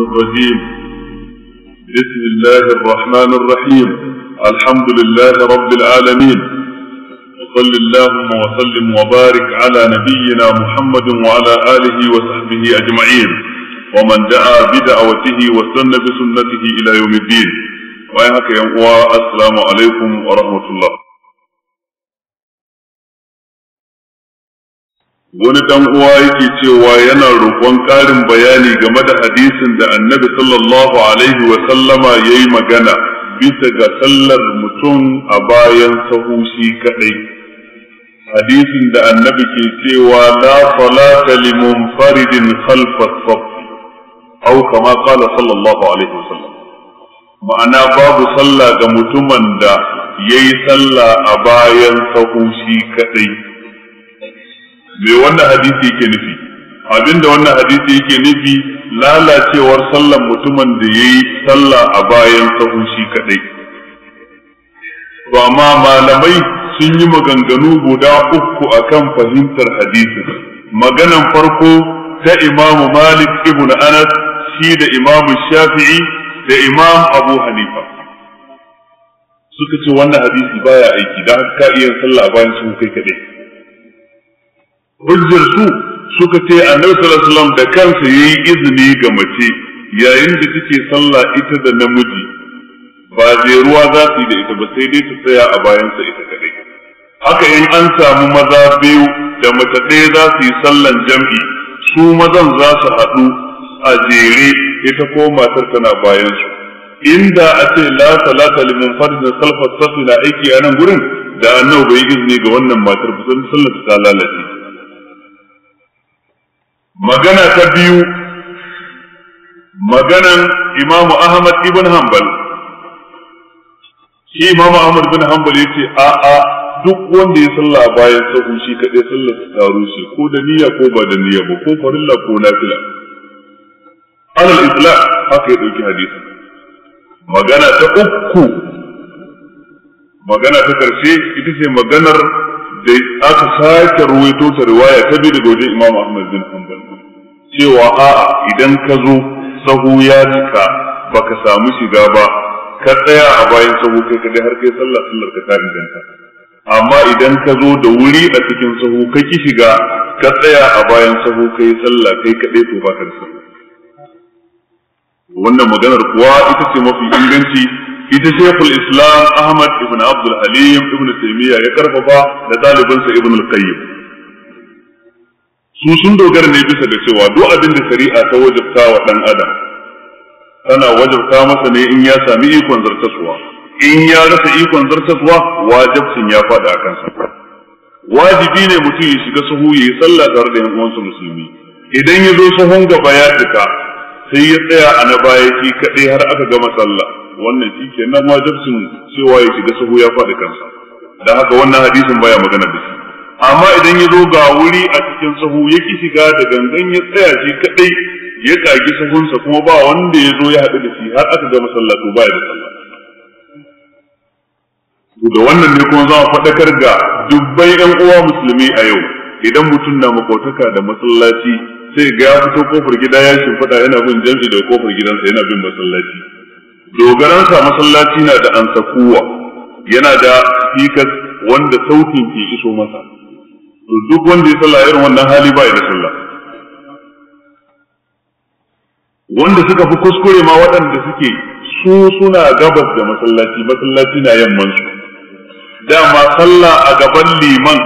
الرجيم بسم الله الرحمن الرحيم الحمد لله رب العالمين وصل اللهم وسلم وبارك على نبينا محمد وعلى آله وصحبه أجمعين ومن دعا بدعوته واستنى بسنته إلى يوم الدين وياك يا السلام عليكم ورحمة الله wani dan uwa yake cewa yana roƙon ƙarin bayani game da hadisin da annabi sallallahu alaihi wa sallama yayi magana bisa ga sallar mutum a bayan sahu kaɗai hadisin da annabi ke cewa la salata li munfaridin khalfa saff aw kama qala sallallahu alaihi wa sallam ma'ana babu sallah ga mutumin da yayi sallah a bayan sahu kaɗai me wannan hadisi yake nufi abinda wannan hadisi yake nufi lalacewar sallar mutumin da ya yi sallah a bayan sahu shi kadai to amma malamai sun yi maganganu guda uku akan fahimtar hadisin maganan farko ta imamu malik ibn anas shi da imamu shafi'i da imam abu hanifa suka ce wannan hadisi baya aiki da haka ka iya sallah bayan sun kai kadai hujjar su suka ce annabi sallallahu alaihi da kansa yayi izini ga mace yayin da take sallah ita da namiji ba zai ruwa za su yi da ita ba sai dai ta tsaya a bayansa ita kadai haka in an samu maza biyu da mace ɗaya za su yi sallan jam'i su mazan za su haɗu a jere ita ko matar tana bayansu inda a ce la salata liman salfa safi na aiki a nan gurin da annabi bai izini ga wannan matar ba sun sallata ta lalace magana ta biyu maganan imamu ahmad ibn hanbal shi imamu ahmad ibn hanbal ya ce a a duk wanda ya sallah bayan sahu shi kaɗai sallar ta taru shi ko da niyya ko ba da niyya ba ko farilla ko nafila alal islam haka ya ɗauki hadisi magana ta uku magana ta ƙarshe ita ce maganar da aka sake ruwaito ta riwaya ta bi daga wajen imam ahmad bin hanbal cewa a'a idan ka zo sahu ya cika baka samu shiga ba ka tsaya a bayan sahu kai ka har kai sallah sallar ka ta inganta amma idan ka zo da wuri a cikin sahu ka ki shiga ka tsaya a bayan sahu kai sallah kai kaɗai to ba ka da wannan maganar kuwa ita ce mafi inganci ita shekul islam ahmad ibn abdul halim ibn taymiya ya karfafa da ɗalibinsa ibn al su sun dogara ne bisa da cewa duk abin da shari'a ta wajabta wa dan adam tana wajabta masa ne in ya sami ikon zartaswa in ya rasa ikon zartaswa wajibcin ya faɗi a kansa wajibi ne mutum ya shiga sahu ya yi sallah tare da yan uwansa musulmi idan ya zo sahun gaba ya fita sai ya tsaya a na baya shi kaɗai har aka gama sallah wannan shi kenan wajibcin cewa ya shiga sahu ya faɗi kansa dan haka wannan hadisin baya magana da shi amma idan ya zo ga wuri a cikin sahu ya ki shiga da gangan ya tsaya shi kadai ya kagi sahunsa kuma ba wanda ya zo ya haɗu da shi har aka ga masallatu ba ya da sallah da wannan ne kuma za a faɗakar ga dubbai yan uwa musulmi a yau idan mutum na makotaka da masallaci sai ga ya fito kofar gida ya shimfiɗa yana bin jam'i da kofar gidansa yana bin masallaci dogaransa masallaci na da ansakuwa yana da fikas wanda sautin ke iso masa duk wanda ya sallah irin wannan hali ba da sallah wanda suka fi kuskure ma waɗanda suke su suna gabas da masallaci masallaci na yamman su dama sallah a gaban liman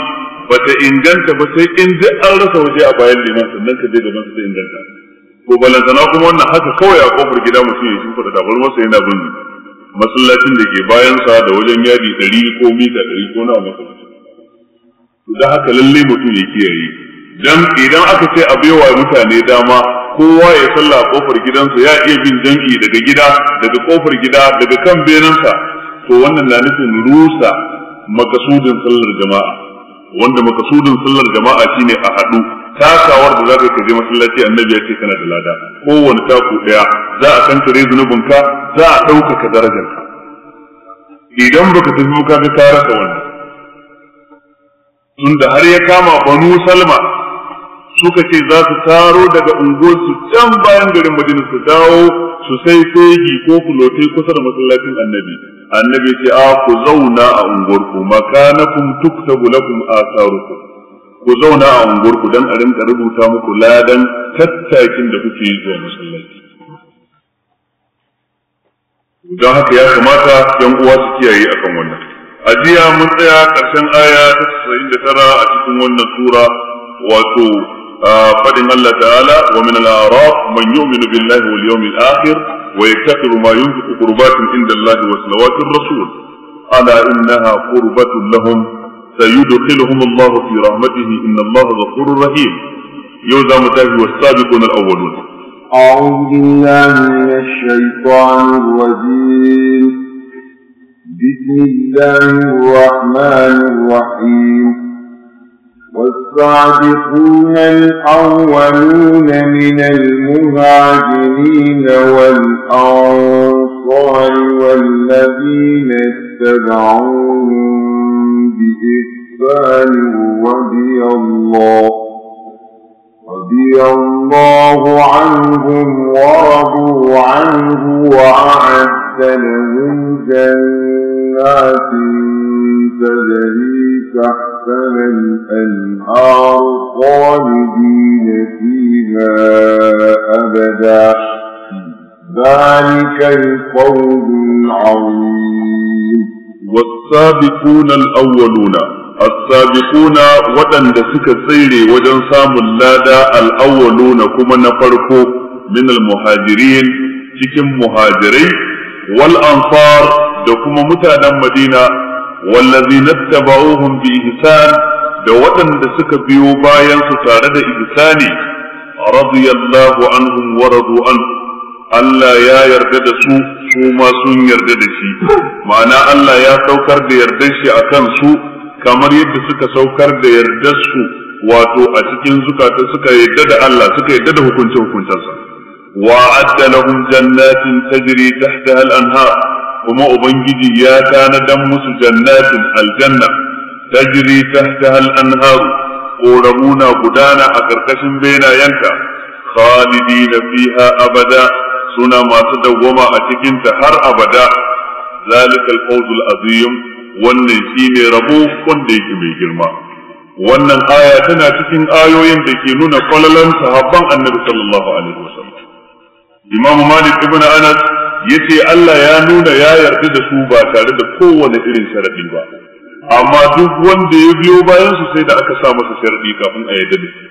bata inganta ba sai in duk an rasa waje a bayan liman sannan ka je gaban su ta inganta ko balantana kuma wannan haka kawai a kofar gida mutum ya shimfa da masa yana bin masallacin da ke bayansa da wajen yadi ɗari ko mita ɗari ko na masallaci da haka lalle mutum ya kiyaye dan idan aka ce a baiwa mutane dama kowa ya sallah kofar gidansa ya iya bin danki daga gida daga kofar gida daga kan benansa to wannan na nufin rusa makasudin sallar jama'a wanda makasudin sallar jama'a shine a hadu, takawar da zaka ka masallaci annabi ya ce kana da lada kowanne taku daya za a kankare zunubinka za a ɗaukaka darajarka idan baka tafi ka ga ka rasa wannan inda har ya kama banu salma suka ce za su taro daga unguwarsu can bayan garin madina su dawo su sai fegi ko kulote kusa da masallacin annabi annabi ce a ku zauna a unguwarku makanakum tuktabu lakum atharukum ku zauna a unguwarku dan a rinka rubuta muku ladan tattakin da kuke yi zuwa masallaci don haka ya kamata yan uwa su kiyaye akan ajiya mun tsaya ƙarshen aya ta tsayin da tara a cikin wannan sura wato fadin Allah ta'ala wa min al-a'raf man yu'minu billahi wal yawmil akhir wa yaktaru ma yunfiqu qurbatun inda Allah wa salawatir rasul ala innaha qurbatun lahum sayudkhiluhum سيدخلهم الله في رحمته إن الله غفور رحيم يوزع متاهي al awwalun a'udhu billahi minash الشيطان rajim بسم الله الرحمن الرحيم والسابقون الأولون من المهاجرين والأنصار والذين اتبعوهم بإحسان رضي الله رضي الله عنهم ورضوا عنه وأعد لهم جنات تجري تحتها الأنهار خالدين فيها أبدا ذلك القول العظيم والسابقون الأولون السابقون ودن دسك السير ودن سام اللادا الأولون كما نفرقوا من المهاجرين شكم مهاجرين wal ansar da kuma mutanen madina wallazina tabauhum bi ihsan da waɗanda suka biyo bayan su tare da ihsani radiyallahu anhum wa radu anhu Allah ya yarda da su su ma sun yarda da shi ma'ana Allah ya saukar da yardar shi a kan su kamar yadda suka saukar da yardar su wato a cikin zukata suka yarda da Allah suka yarda da hukuncin hukuncinsa وأعد لهم جنات تجري تحتها الأنهار وما أبنجي يا كان دمس جنات الجنة تجري تحتها الأنهار قولمونا بدانا أكركش بين ينكا خالدين فيها أبدا سنا ما تدوما أتكنت هر أبدا ذلك الفوز العظيم wannan shine rabo wanda yake mai girma wannan aya tana cikin ayoyin da ke nuna kwalalan sahabban annabi sallallahu alaihi wasallam imamu malik ibn anas yace Allah ya nuna ya yarda da su ba tare da kowane irin sharadi ba amma duk wanda ya biyo bayan su sai da aka sa masa sharadi kafin a yarda da shi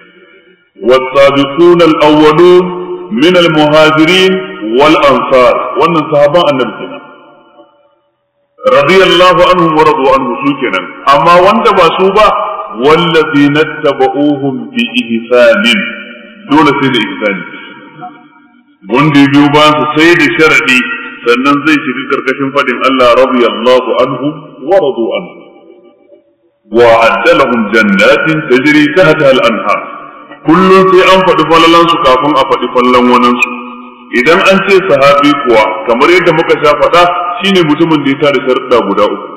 والسابقون الأولون من المهاجرين والأنصار وأن الصحابة النبي رضي الله عنهم ورضوا عنه سوكنا أما وند باسوبا والذين اتبعوهم بإحسان دون سيد إحسان wanda ya biyo bayan su sai da sharaɗi, sannan zai shiga karkashin faɗin Allah radiyallahu anhu wa radu anhu wa addalahum jannatin tajri tahta al-anhar kullun sai an faɗi falalan su kafin a faɗi fallan wannan su idan an ce sahabi kuwa kamar yadda muka sha faɗa shine mutumin da ya tada sharuɗa guda uku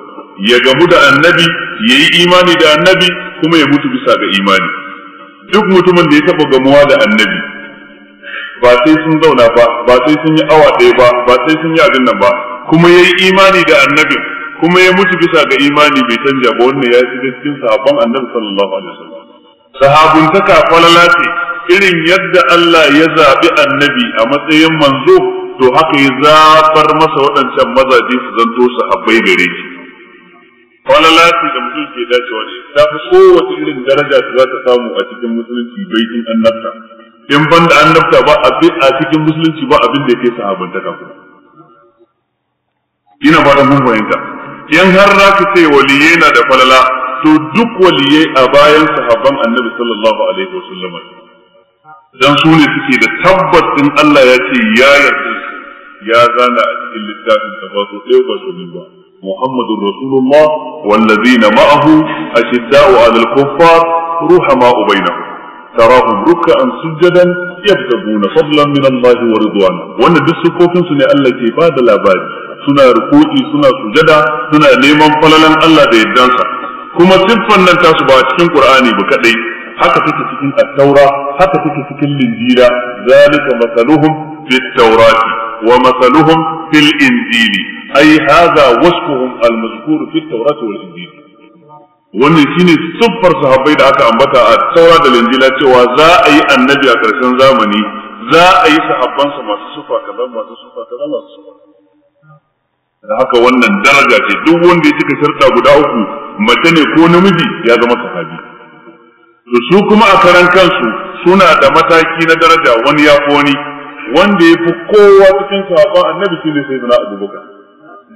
ya gamu da annabi ya yi imani da annabi kuma ya mutu bisa ga imani duk mutumin da ya taɓa gamuwa da annabi ba sai sun zauna ba ba sai sun yi awa ɗaya ba ba sai sun yi abin nan ba kuma yayi imani da annabi kuma ya mutu bisa ga imani bai canja ba wannan ya shiga cikin sahabban annabi sallallahu alaihi wasallam sahabuntaka falala ce irin yadda Allah ya zaɓi annabi a matsayin manzo to haka ya zafar masa waɗancan mazaje su zanto sahabbai gare shi falala da mutum ke dacewa ne ta fi kowace irin daraja da za ta samu a cikin musulunci baitin annabta in ban da annabta ba a cikin musulunci ba abin da yake sahabantaka kuma ina ba da mun fahimta in har za ka ce waliyai na da falala to duk waliyai a bayan sahabban annabi sallallahu alaihi wa sallam dan su ne suke da tabbas din Allah ya ce ya yarda ya zana a cikin littafin da ba su ɗaya ba su ba محمد رسول الله والذين معه أشداء على الكفار رحماء بينهم tarahum ruk'an sujadan yabtaguna fadlan min Allah wa ridwana wannan duk sifofin su ne Allah ke ba da labari suna ruku'i suna sujada suna neman falalan Allah da yaddansa kuma siffan nan tasu ba cikin Qur'ani ba kaɗai. haka take cikin at haka take cikin linjira zalika masaluhum fit tawrati wa masaluhum fil injili ay hadha wasfuhum al-mazkur fit tawrati wal injili wannan shine siffar sahabbai da aka ambata a taura da linjila cewa za a yi annabi a ƙarshen zamani za a yi sahabbansa masu sufa kaza masu sufa kaza masu sufa da haka wannan daraja ce duk wanda ya cika sharta guda uku mace ne ko namiji ya zama sahabi to su kuma a karan kansu suna da mataki na daraja wani ya wani wanda ya fi kowa cikin sahabban annabi shine sayyidina abubakar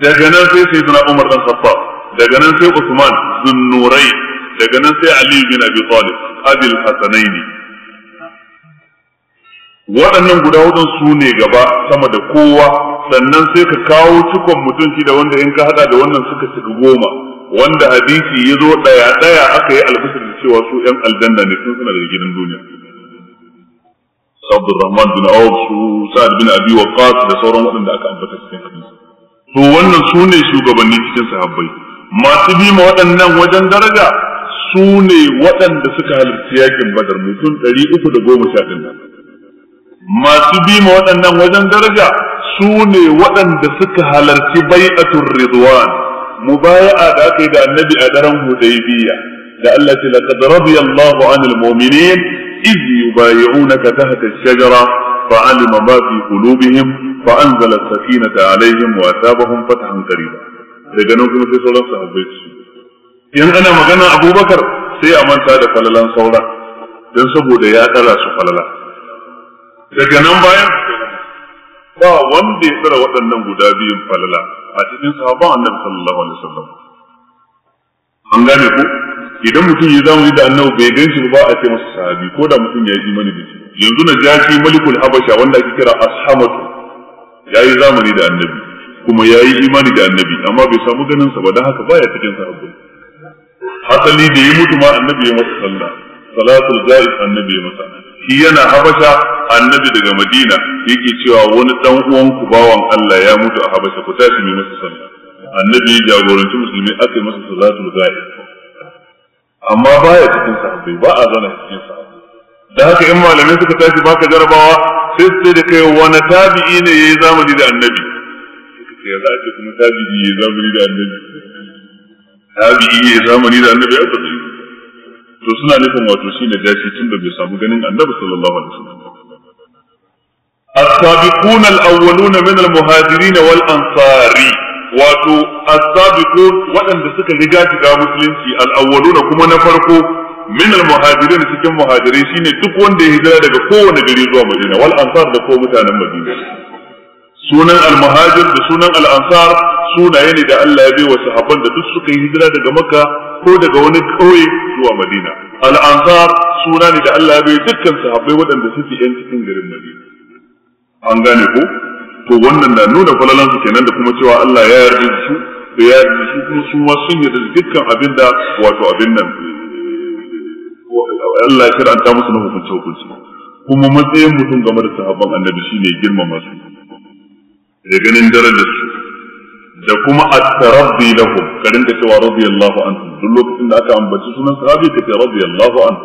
daga nan sai sayyidina umar dan sabba. daga nan sai Usman Zunnurai daga nan sai Ali bin Abi Talib Abil Hasanaini waɗannan guda hudun su ne gaba sama da kowa sannan sai ka kawo cikon mutum shi da wanda in ka hada da wannan suka shiga goma wanda hadisi ya zo ɗaya ɗaya aka yi albishir da cewa su ‘yan aljanna ne sun suna da gidan duniya Abdurrahman bin Awf su Sa'ad bin Abi Waqqas da sauran waɗanda aka ambata cikin hadisi to wannan su ne shugabanni cikin sahabbai masu bi ma waɗannan wajen daraja su ne waɗanda suka halarci yakin badar mutum ɗari uku da goma sha ɗin nan masu bi ma waɗannan wajen daraja su ne waɗanda suka halarci bai'atun ridwan mubaya'a da aka yi da annabi a daren hudaybiya da Allah ce laqad radiyallahu anil mu'minin iz yubayi'unaka tahta ash-shajara fa'alima ma fi qulubihim fa'anzala as-sakinata alaihim wa asabahum fathan qariba daga nan kuma sai sauran sahabbai su in ana magana abubakar sai a manta da falalan saura don saboda ya tsara su falala daga nan bayan ba wanda ya tsara waɗannan guda biyun falala a cikin sahabban annabi sallallahu alaihi wasallam an gane ku idan mutum ya zamu da annabi bai gan shi ba a ce masa sahabi ko da mutum ya yi imani da shi yanzu na jashi malikul habasha wanda ake kira ashamatu yi zamani da annabi kuma ya yi imani da annabi amma bai samu ganin sa ba don haka baya cikin sahabbai hasali da yi mutu ma annabi ya masa sallah salatul jaiz annabi ya masa shi yana habasha annabi daga madina yake cewa wani dan uwan ku bawan Allah ya mutu a habasha ku tashi mai masa sallah annabi ya jagoranci musulmi aka yi masa salatul jaiz amma baya cikin sahabbai ba a zana cikin sahabbai da haka in malamai suka tashi baka jarabawa sai su da kai wani tabi'i ne yayi zamani da annabi ya za ce kuma tabi'i ya zamani da annabi tabi'i ya zamani da annabi ya zamani to suna nufin wato shi ne dace tun da bai samu ganin annabi sallallahu alaihi wasallam السابقون الأولون من المهاجرين والأنصار wato as-sabiqun waɗanda suka riga shiga musulunci al-awwaluna kuma na farko min al-muhajirin cikin muhajirai shine duk wanda ya hijira daga kowane gari zuwa Madina wal ansar da ko mutanen Madina sunan almahajir da sunan al'ansar sunaye ne da Allah ya bai wa sahabban da duk suka yi hijira daga makka ko daga wani ƙauye zuwa madina al'ansar suna ne da Allah ya bai dukkan sahabbai waɗanda suke yan cikin garin madina an gane ko to wannan na nuna falalansu kenan da kuma cewa Allah ya yarda da su da ya yarda su kuma su ma sun yarda da dukkan abin da wato abin nan Allah ya shirya ta musu na hukunce hukunci kuma matsayin mutum game da sahabban annabi shine girmama su da ganin darajar su da kuma at-tarabbi lahum karin da cewa radiyallahu anhu duk lokacin da aka ambaci sunan sahabi ka ce radiyallahu anhu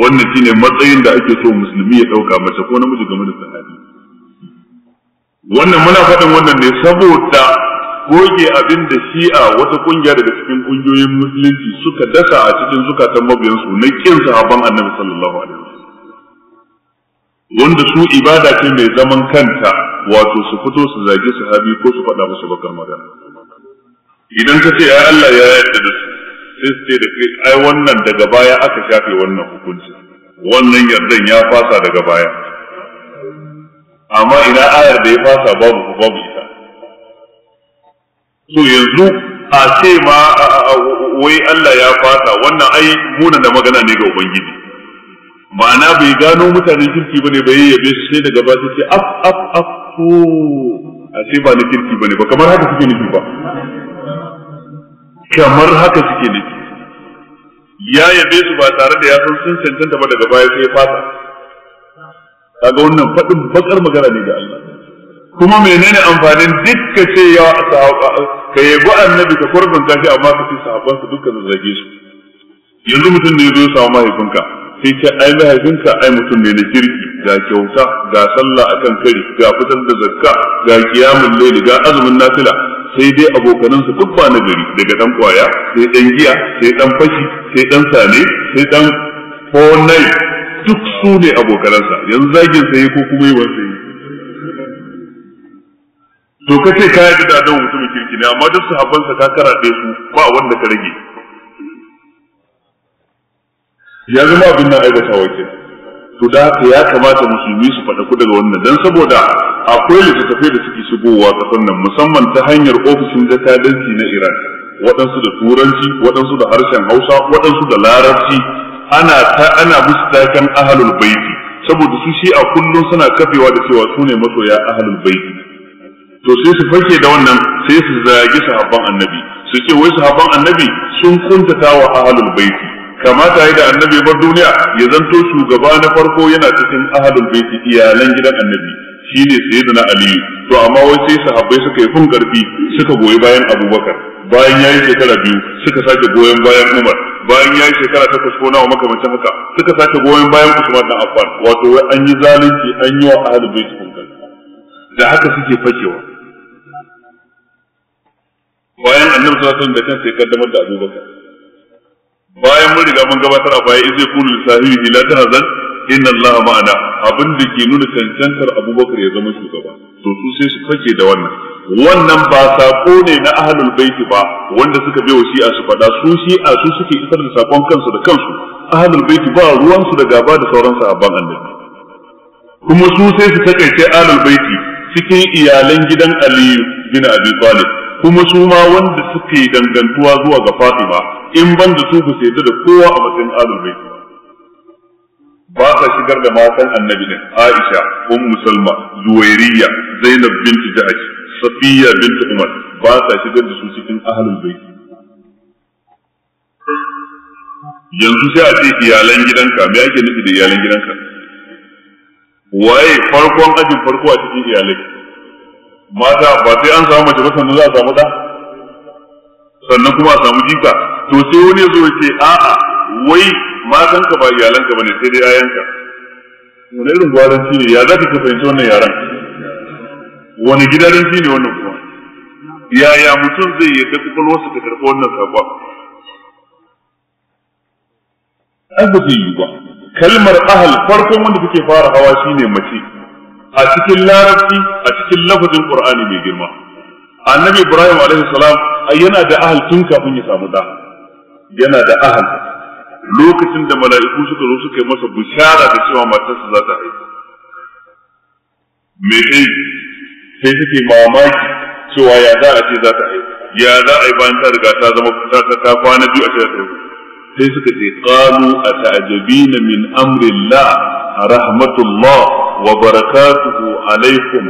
wannan shine matsayin da ake so musulmi ya dauka mace ko namiji game da sahabi wannan muna faɗin wannan ne saboda goge abin da shi'a wata kungiya daga cikin kungiyoyin musulunci suka dasa a cikin zukatan mabiyansu na kin sahaban annabi sallallahu alaihi wasallam wanda su ibada ce mai zaman kanta wato su fito su zagi habi ko su faɗa musu bakar magana idan ka ce ya Allah ya yarda da su sai su ce da kai ai wannan daga baya aka shafe wannan hukunci wannan yardan ya fasa daga baya amma ina ayar da ya fasa babu babu ita so yanzu a ce ma wai Allah ya fasa wannan ai muna da magana ne ga ubangiji ma'ana bai gano mutanen kirki bane bai yabe shi sai daga ba sai af af af ko a ce ba na kirki ne ba kamar haka suke nufi ba kamar haka suke nufi ya yabe su ba tare da ya san sun cancanta ba daga baya sai ya fasa kaga wannan faɗin bakar magana ne da Allah kuma menene amfanin dukkan ce ya ka yabo annabi ka kurbanta shi amma ka ce sahabban su dukkan zage su yanzu mutum ne ya zo ya samu mahaifinka sai ce ai mahaifinka ai mutum ne na kirki ga kyauta ga sallah akan kari ga fitar da zakka ga kiyamun laili ga azumin nafila sai dai abokanan su duk na gari daga dan kwaya sai dan giya sai dan fashi sai dan sale sai dan fonai duk su ne abokanansa yanzu zagin sai ko kuma yi sai to ka ce ka yi da dan mutumin kirki ne amma duk su sahabbansa ka karaɗe su ba wanda ka rage ya zama abin nan aibata wakil to da haka ya kamata musulmi su faɗa ku daga wannan dan saboda akwai littattafai da suke shigowa kasan nan musamman ta hanyar ofishin jakadanci na Iran waɗansu da turanci waɗansu da harshen Hausa waɗansu da larabci ana ta ana musu takan ahlul baiti saboda su shi a kullum suna kafewa da cewa su ne masoya ahlul baiti to sai su fake da wannan sai su zagi sahabban annabi su ce wai sahabban annabi sun kuntatawa ahlul baiti kamata yi da annabi bar duniya ya zanto shugaba na farko yana cikin ahalin baiti iyalan gidan annabi shine sayyidina ali to amma wai sai sahabbai suka yi fun karfi suka goyi bayan abubakar bayan ya yi shekara biyu suka sake goyon bayan umar bayan ya yi shekara takwas ko nawa makamancin haka suka sake goyon bayan usman dan affan wato wai an yi zalunci an yi wa ahalin baiti fun karfi da haka suke fakewa bayan annabi sallallahu alaihi wasallam da kansa ya kaddamar da abubakar bayan mun riga mun gabatar a baya izai kulu sahihi ila tahzan inna Allah ma'ana abin da ke nuna cancantar Abubakar ya zama shugaba to su sai su fake da wannan wannan ba sako ne na ahlul baiti ba wanda suka bai shi'a su fada su shi'a su suke isar da sakon kansu da kansu ahlul baiti ba ruwan su da gaba da sauran sahabban annabi kuma su sai su takaice ahlul baiti cikin iyalan gidan Ali bin Abi Talib kuma su ma wanda suke dangantuwa zuwa ga Fatima in ban da su ku sai da kowa a matsayin alul baiti ba sa shigar da matan annabi ne Aisha ummu Salma Zuwairiyya Zainab bint Ja'sh Safiya bint Umar ba sa shigar da su cikin ahlul baiti yanzu sai a ce iyalan gidanka me yake nufi da iyalan gidanka waye farkon ajin farko a cikin iyalai mata ba sai an samu mace ba sannan za a samu da sannan kuma a samu jika to sai wani zo ya ce a'a wai ka ba iyalanka bane sai dai ayanka wani irin shi ne ya za ka fahimci wannan yaran wani shi ne wannan kuma yaya mutum zai yadda kwakwalwarsa ta karɓi wannan saƙon an ba zai yi ba kalmar ahal farkon wanda take fara hawa shine mace a cikin larabci a cikin lafazin qur'ani mai girma annabi ibrahim alaihi salam yana da ahal tun kafin ya samu da yana da ahal lokacin da mala'iku suka zo suka yi masa bishara da cewa matarsa za ta haihu me sai sai take mamaki cewa ya za a ce za ta haihu ya za a yi bayan ta riga ta zama ta ta kwana biyu a ce ta haihu sai suka ce qalu ata'jabina min amrillah rahmatullah wa barakatuhu alaikum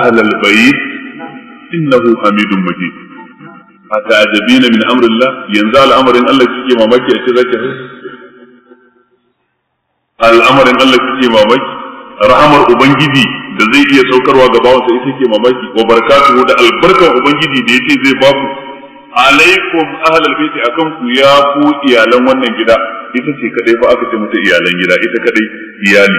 ahlal bayt innahu hamidun majid أتعجبين من أمر الله ينزل أمر الله كي مامك أتذكر الأمر الله كي mamaki? Rahamar أبنجدي da zai iya saukarwa ga bawansa ita ke mamaki wa barkatu da albarkar ubangiji da yake zai baku alaikum ahlal baiti akan ku ya ku iyalan wannan gida ita ce kadai fa aka ce mata iyalan gida ita kadai iyali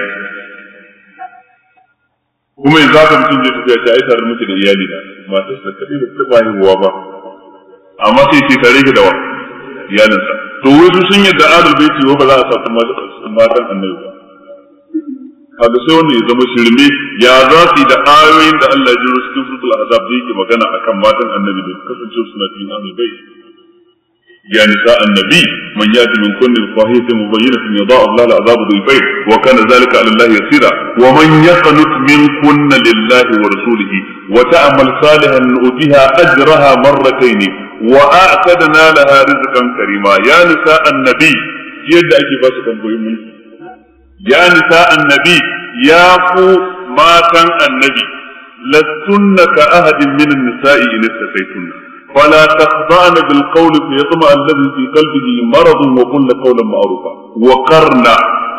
kuma yanzu haka mutum zai ya ta aitar miki da iyali da matar ta kadai ba ta ba ruwa ba amma sai ce tare shi da wa iyalinsa to wasu sun yadda adal baiti ba za a sa matan annabi ba kaga sai wanda ya zama shirme ya za su yi da ayoyin da Allah ya jiro cikin suratul azab da yake magana akan matan annabi da kasance suna cikin ahlul bait يا نساء النبي من يأتي من كل الفاحشة مبينة يضاعف لها العذاب ضعفين وكان ذلك على الله يسيرا ومن يقنت من كن لله ورسوله وتعمل صالحا نؤتها أجرها مرتين wa a'tadna laha rizqan karima ya nisa annabi yadda ake ba su tambayoyin mulki ya nisa annabi ya ku matan annabi lastunna ka ahadin min nisai in istafaytunna فلا تخضعن بالقول فيطمع الذي في قلبه مرض وقلن قولا معروفا وقرن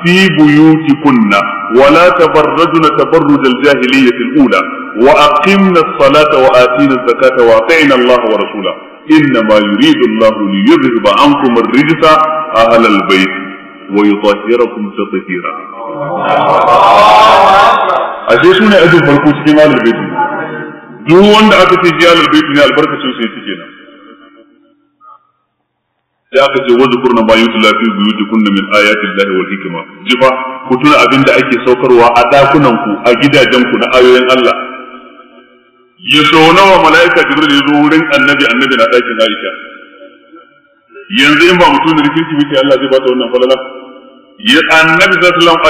في بيوتكن ولا تبرجن تبرج الجاهلية الأولى وأقمنا الصلاة وآتينا الزكاة وأطعنا الله ورسوله inna ma yuridu Allah li yuzhiba ankum ar-rijsa ahla al-bayt wa yutahhirakum tatheera aje sune ajin farko cikin ahlul bayt duk wanda aka ce ji ahlul bayt ne albarkacin sai take nan sai aka ce wajen kurna ma yutla fi buyutikunna min ayati jifa ku tuna da ake saukarwa a dakunanku a gidajenku na ayoyin Allah ya so nawa mala'ika jibril ya zo wurin annabi annabi na ɗakin aisha yanzu in ba mutum da kirki muke Allah zai ba ta wannan falala ya annabi sallallahu alaihi wasallam a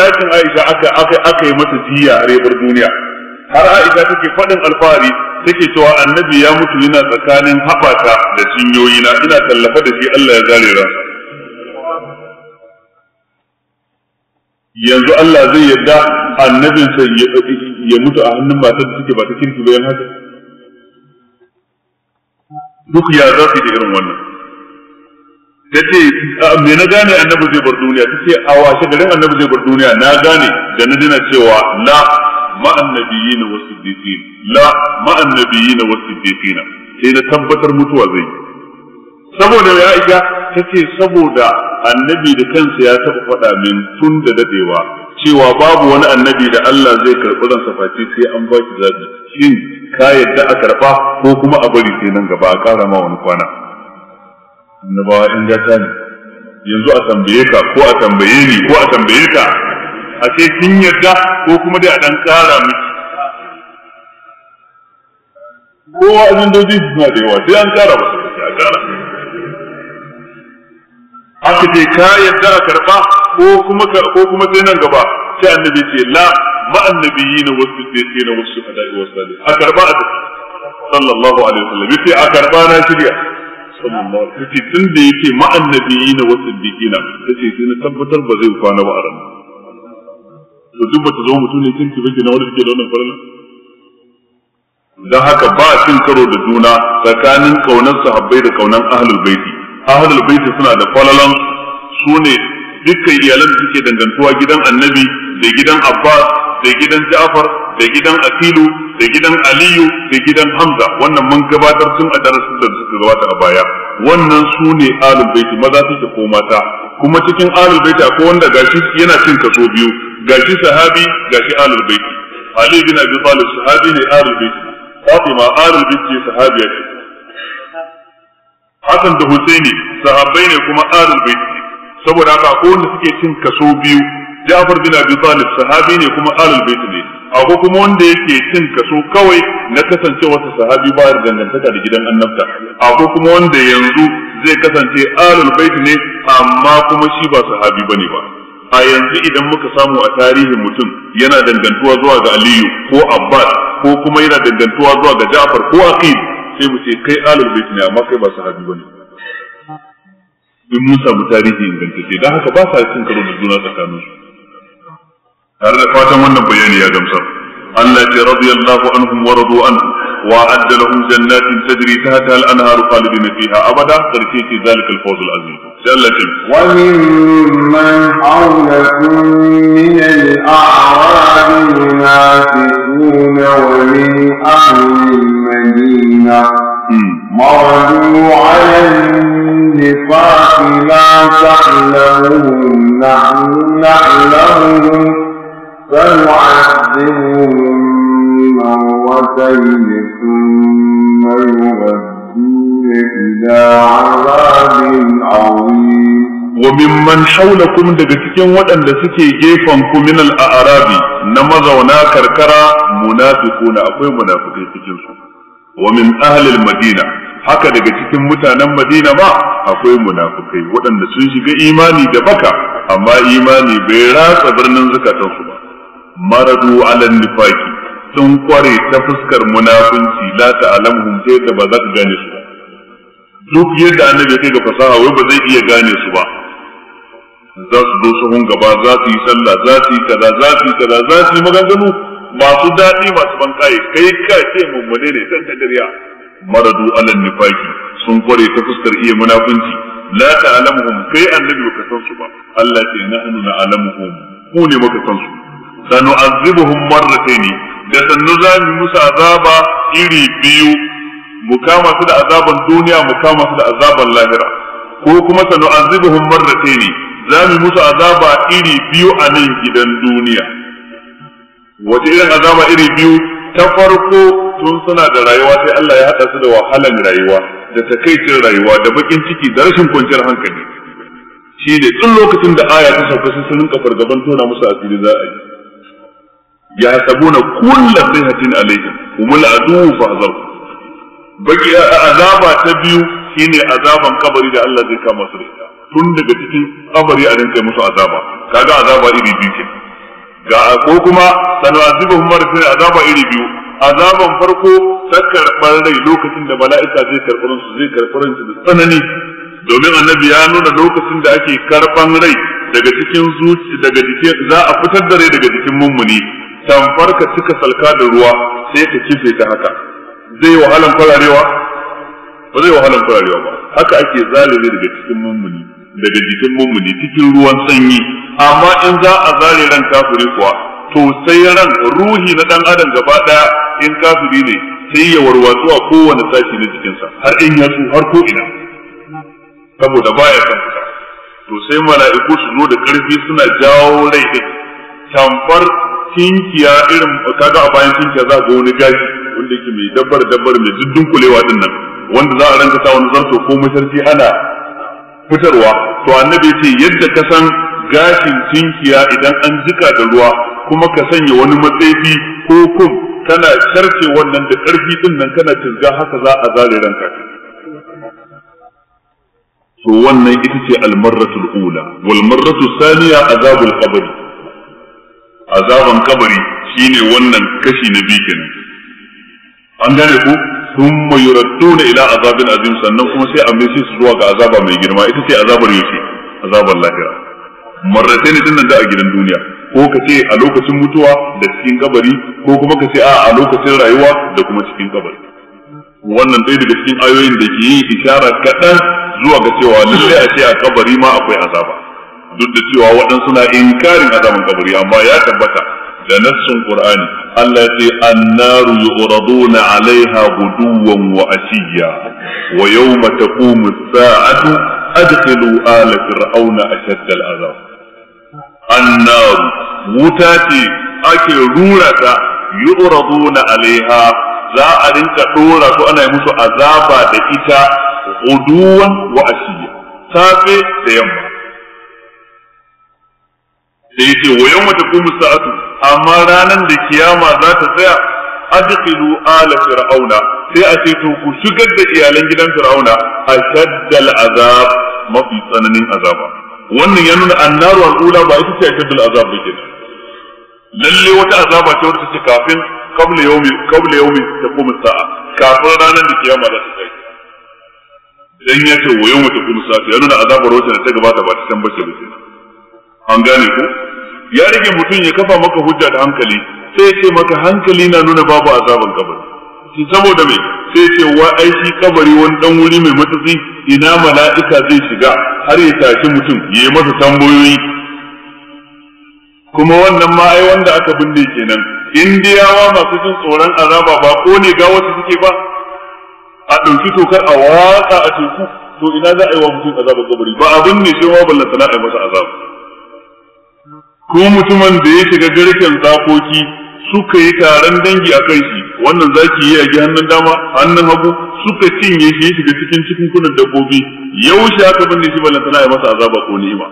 ɗakin aisha aka aka aka yi mata jiya a rebar duniya har aisha take faɗin alfahari take cewa annabi ya mutu yana tsakanin haɓata da na ina tallafa da shi Allah ya zare ransa yanzu Allah zai yarda annabin sai ya mutu a hannun matar da suke ba ta kirki bayan haka duk ya za su yi da irin wannan ta ce me na gane annabi zai bar duniya ta ce a washe garin annabi zai bar duniya na gane da na dina cewa la ma'an na wa la ma'an na wasu sai na tabbatar mutuwa zai saboda ya iya ta ce saboda annabi da kansa ya taɓa faɗa min tun da dadewa cewa babu wani annabi da Allah zai karɓi ransa face sai an ba shi zabi shin ka yadda a karɓa ko kuma a bari sai nan gaba a ƙara ma wani kwana annabawa in gata ne yanzu a tambaye ka ko a tambaye ni ko a tambaye ka a ce kin yadda ko kuma dai a ɗan ƙara miki kowa a nan suna da yawa sai an ƙara ba su a ƙara aka ce ka yadda a karɓa ko kuma ko kuma sai nan gaba sai annabi ce la ma annabiyina wasu siddiqina wasu shuhada'i wasu salih a karɓa a tafi sallallahu alaihi wasallam yace a karɓa na shirya sallallahu alaihi wasallam tun da yace ma annabiyina wasu siddiqina tace sai na tabbatar ba zai kwana ba a ran to duk bata zo mutum ne kirki ba na wani take da wannan farilla dan haka ba cin karo da juna tsakanin kaunar sahabbai da kaunar ahlul baiti ahlul bayt suna da falalan su ne dukkan iyalan da suke dangantuwa gidan annabi da gidan abbas da gidan ja'far da gidan asilu da gidan aliyu da gidan hamza wannan mun gabatar tun a darasin da suka gabata a baya wannan su ne ahlul bayt maza suke ko mata kuma cikin ahlul bayt akwai wanda gashi yana cin kaso biyu gashi sahabi gashi ahlul bayt ali bin abi talib sahabi ne ahlul bayt fatima ahlul bayt sahabiya ce Hassan da Husaini sahabbai ne kuma adal bai saboda haka akwai wanda suke cin kaso biyu Ja'far bin Abi Talib sahabi ne kuma alal bai ne akwai kuma wanda yake cin kaso kawai na kasancewa sa sahabi ba da dangantaka da gidan annabta akwai kuma wanda yanzu zai kasance alal bai ne amma kuma shi ba sahabi bane ba a yanzu idan muka samu a tarihin mutum yana dangantuwa zuwa ga Aliyu ko Abbas ko kuma yana dangantuwa zuwa ga Ja'far ko Aqil sai mu ce kai alul bait ne amma kai ba sahabi bane in mun samu tarihi ingantacce dan haka ba sa cin karo da juna tsakanin su tare da fatan wannan bayani ya gamsa Allah ya radiyallahu anhum wa radu an wa adda lahum jannatin tajri tahta al-anhar khalidina fiha abada karfi fi zalika al-fawz al-azim sai Allah ya wa man hawlakum min al-a'rab munafiqun wa min ahli مروا على النفاق لا تعلمهم نحن نعلمهم فنعذبهم مرتين ثم يؤدون إلى عذاب عظيم وممن حولكم daga cikin waɗanda suke gefen ku min al-a'rabi na mazauna karkara munafiquna akwai munafikai cikin su wa min ahlil madina haka daga cikin mutanen madina ba, akwai munafukai waɗanda sun shiga imani da baka amma imani bai ratsa birnin zukatansu ba maradu alan nifaki sun kware ta fuskar munafunci la alamhum sai ta ba za ka gane su ba duk yadda annabi kai ga fasaha wai ba zai iya gane su ba za su zo sahun gaba za su yi sallah za su yi kaza za su yi kaza za su yi maganganu masu daɗi masu bankaye kai ka ce mummune ne dan tagariya maradu alal nifaki sun kware ta fuskar iya munafunci la ta'lamuhum kai annabi ka san su ba Allah ce na nahnu na'lamuhum ku ne muka san su sanu'azibuhum marratayn da sannu za mu musu azaba iri biyu mu kama su da azaban duniya mu kama su da azaban lahira ko kuma sanu'azibuhum marratayn za mu musu azaba iri biyu a nan gidan duniya wace irin azaba iri biyu ta farko tun suna da rayuwa sai Allah ya haɗa su da wahalan rayuwa da takaicin rayuwa da bakin ciki da rashin kwanciyar hankali shi ne tun lokacin da aya ta sauka sun sunan kafar gaban tona musu asiri za a yi ya sabuna sai hatin alaihi umul adu fa azab baki azaba ta biyu shine azaban kabari da Allah zai kama su da tun daga cikin kabari a rinka musu azaba kaga azaba iri biyu kenan ga ko kuma da marratayn azaba iri biyu azaban farko ta karɓar rai lokacin da mala'ika zai karɓar su zai karɓar su da tsanani domin annabi ya nuna lokacin da ake karɓan rai daga cikin zuci daga jikin za a fitar da rai daga jikin mummuni tamfar ka cika salka da ruwa sai ka kife ta haka zai wahalan kwararewa ba zai wahalan kwararewa ba haka ake zalimi daga cikin mummuni daga jikin mummuni cikin ruwan sanyi amma in za a zare ran kafiri kuwa to sai ran ruhi na dan adam gaba daya in kafiri ne sai ya warwatsu a kowane sashi na jikinsa har in yasu har ko ina saboda baya kan fita to sai mala'iku su zo da karfi suna jawo rai din tamfar tinkiya irin kaga a bayan tinkiya za ga wani gashi wanda yake mai dabbar dabbar mai jiddin kulewa din nan wanda za a ranka sa wani zarto ko masarki ana fitarwa to annabi ya ce yadda ka san gashin tinkiya idan an jika da ruwa kuma ka sanya wani matsefi ko kum kana sharce wannan da ƙarfi din nan kana tilga haka za a zare ranka to wannan ita ce almarratul ula wal marratu thaniya azabul qabri azaban kabari shine wannan kashi na biyu kenan an gane ku thumma yuradduna ila azabin azim sannan kuma sai a mai su zuwa ga azaba mai girma ita ce azabar yake azabar lahira marrataini din nan da a gidan duniya ko ka ce a lokacin mutuwa da cikin kabari ko kuma ka ce a a lokacin rayuwa da kuma cikin kabari wannan dai daga cikin ayoyin da ke yi ishara kaɗan zuwa ga cewa lallai a ce a kabari ma akwai azaba duk da cewa waɗansu na karin azaban kabari amma ya tabbata da nassun qur'ani Allah ya ce annaru yu'raduna 'alaiha guduwan wa ashiya wa yawma taqumu as-sa'atu adkhilu ala fir'auna ashadda al-'adab annar wuta ce ake rura ta yu'raduna alaiha za a rinka dora su ana musu azaba da ita huduwan wa ashiya safe da yamma sai ce, wa yawma kuma sa'atu amma ranan da kiyama za ta tsaya adkhilu ala fir'auna sai a ce to ku shigar da iyalan gidan fir'auna ashaddal azab mafi tsananin azaba wannan ya nuna annaru al'ula ba ita ce ashaddul azab ba kenan lalle wata azaba ce wata ce kafin qabla yawmi qabla yawmi kuma sa'a kafin ranar da kiyama za ta kai dan ya ce wa ta kuma sa'a ya nuna azabar wata da ta gabata ba ta san bace ba kenan an gane ko ya rage mutum ya kafa maka hujja da hankali sai ya ce maka hankali na nuna babu azaban kabari saboda mai sai ce wa ai shi kabari wani dan wuri mai matsatsi ina mala'ika zai shiga har ya tashi mutum ya yi masa tambayoyi kuma wannan ma ai wanda aka binne kenan indiyawa masu jin tsoron azaba ba ko ne ga wasu suke ba a ɗauki tokar a watsa a teku to ina za a yi wa mutum azaba kabari ba abin ne shi ma balla sana'a masa azaba ko mutumin da ya shiga garken zakoki suka yi taron dangi a kai shi wannan zaki yi a hannun dama hannun hagu suka cinye shi shiga cikin cikin kunan dabbobi yau shi aka binne shi balanta na ya masa azaba ko ni'ima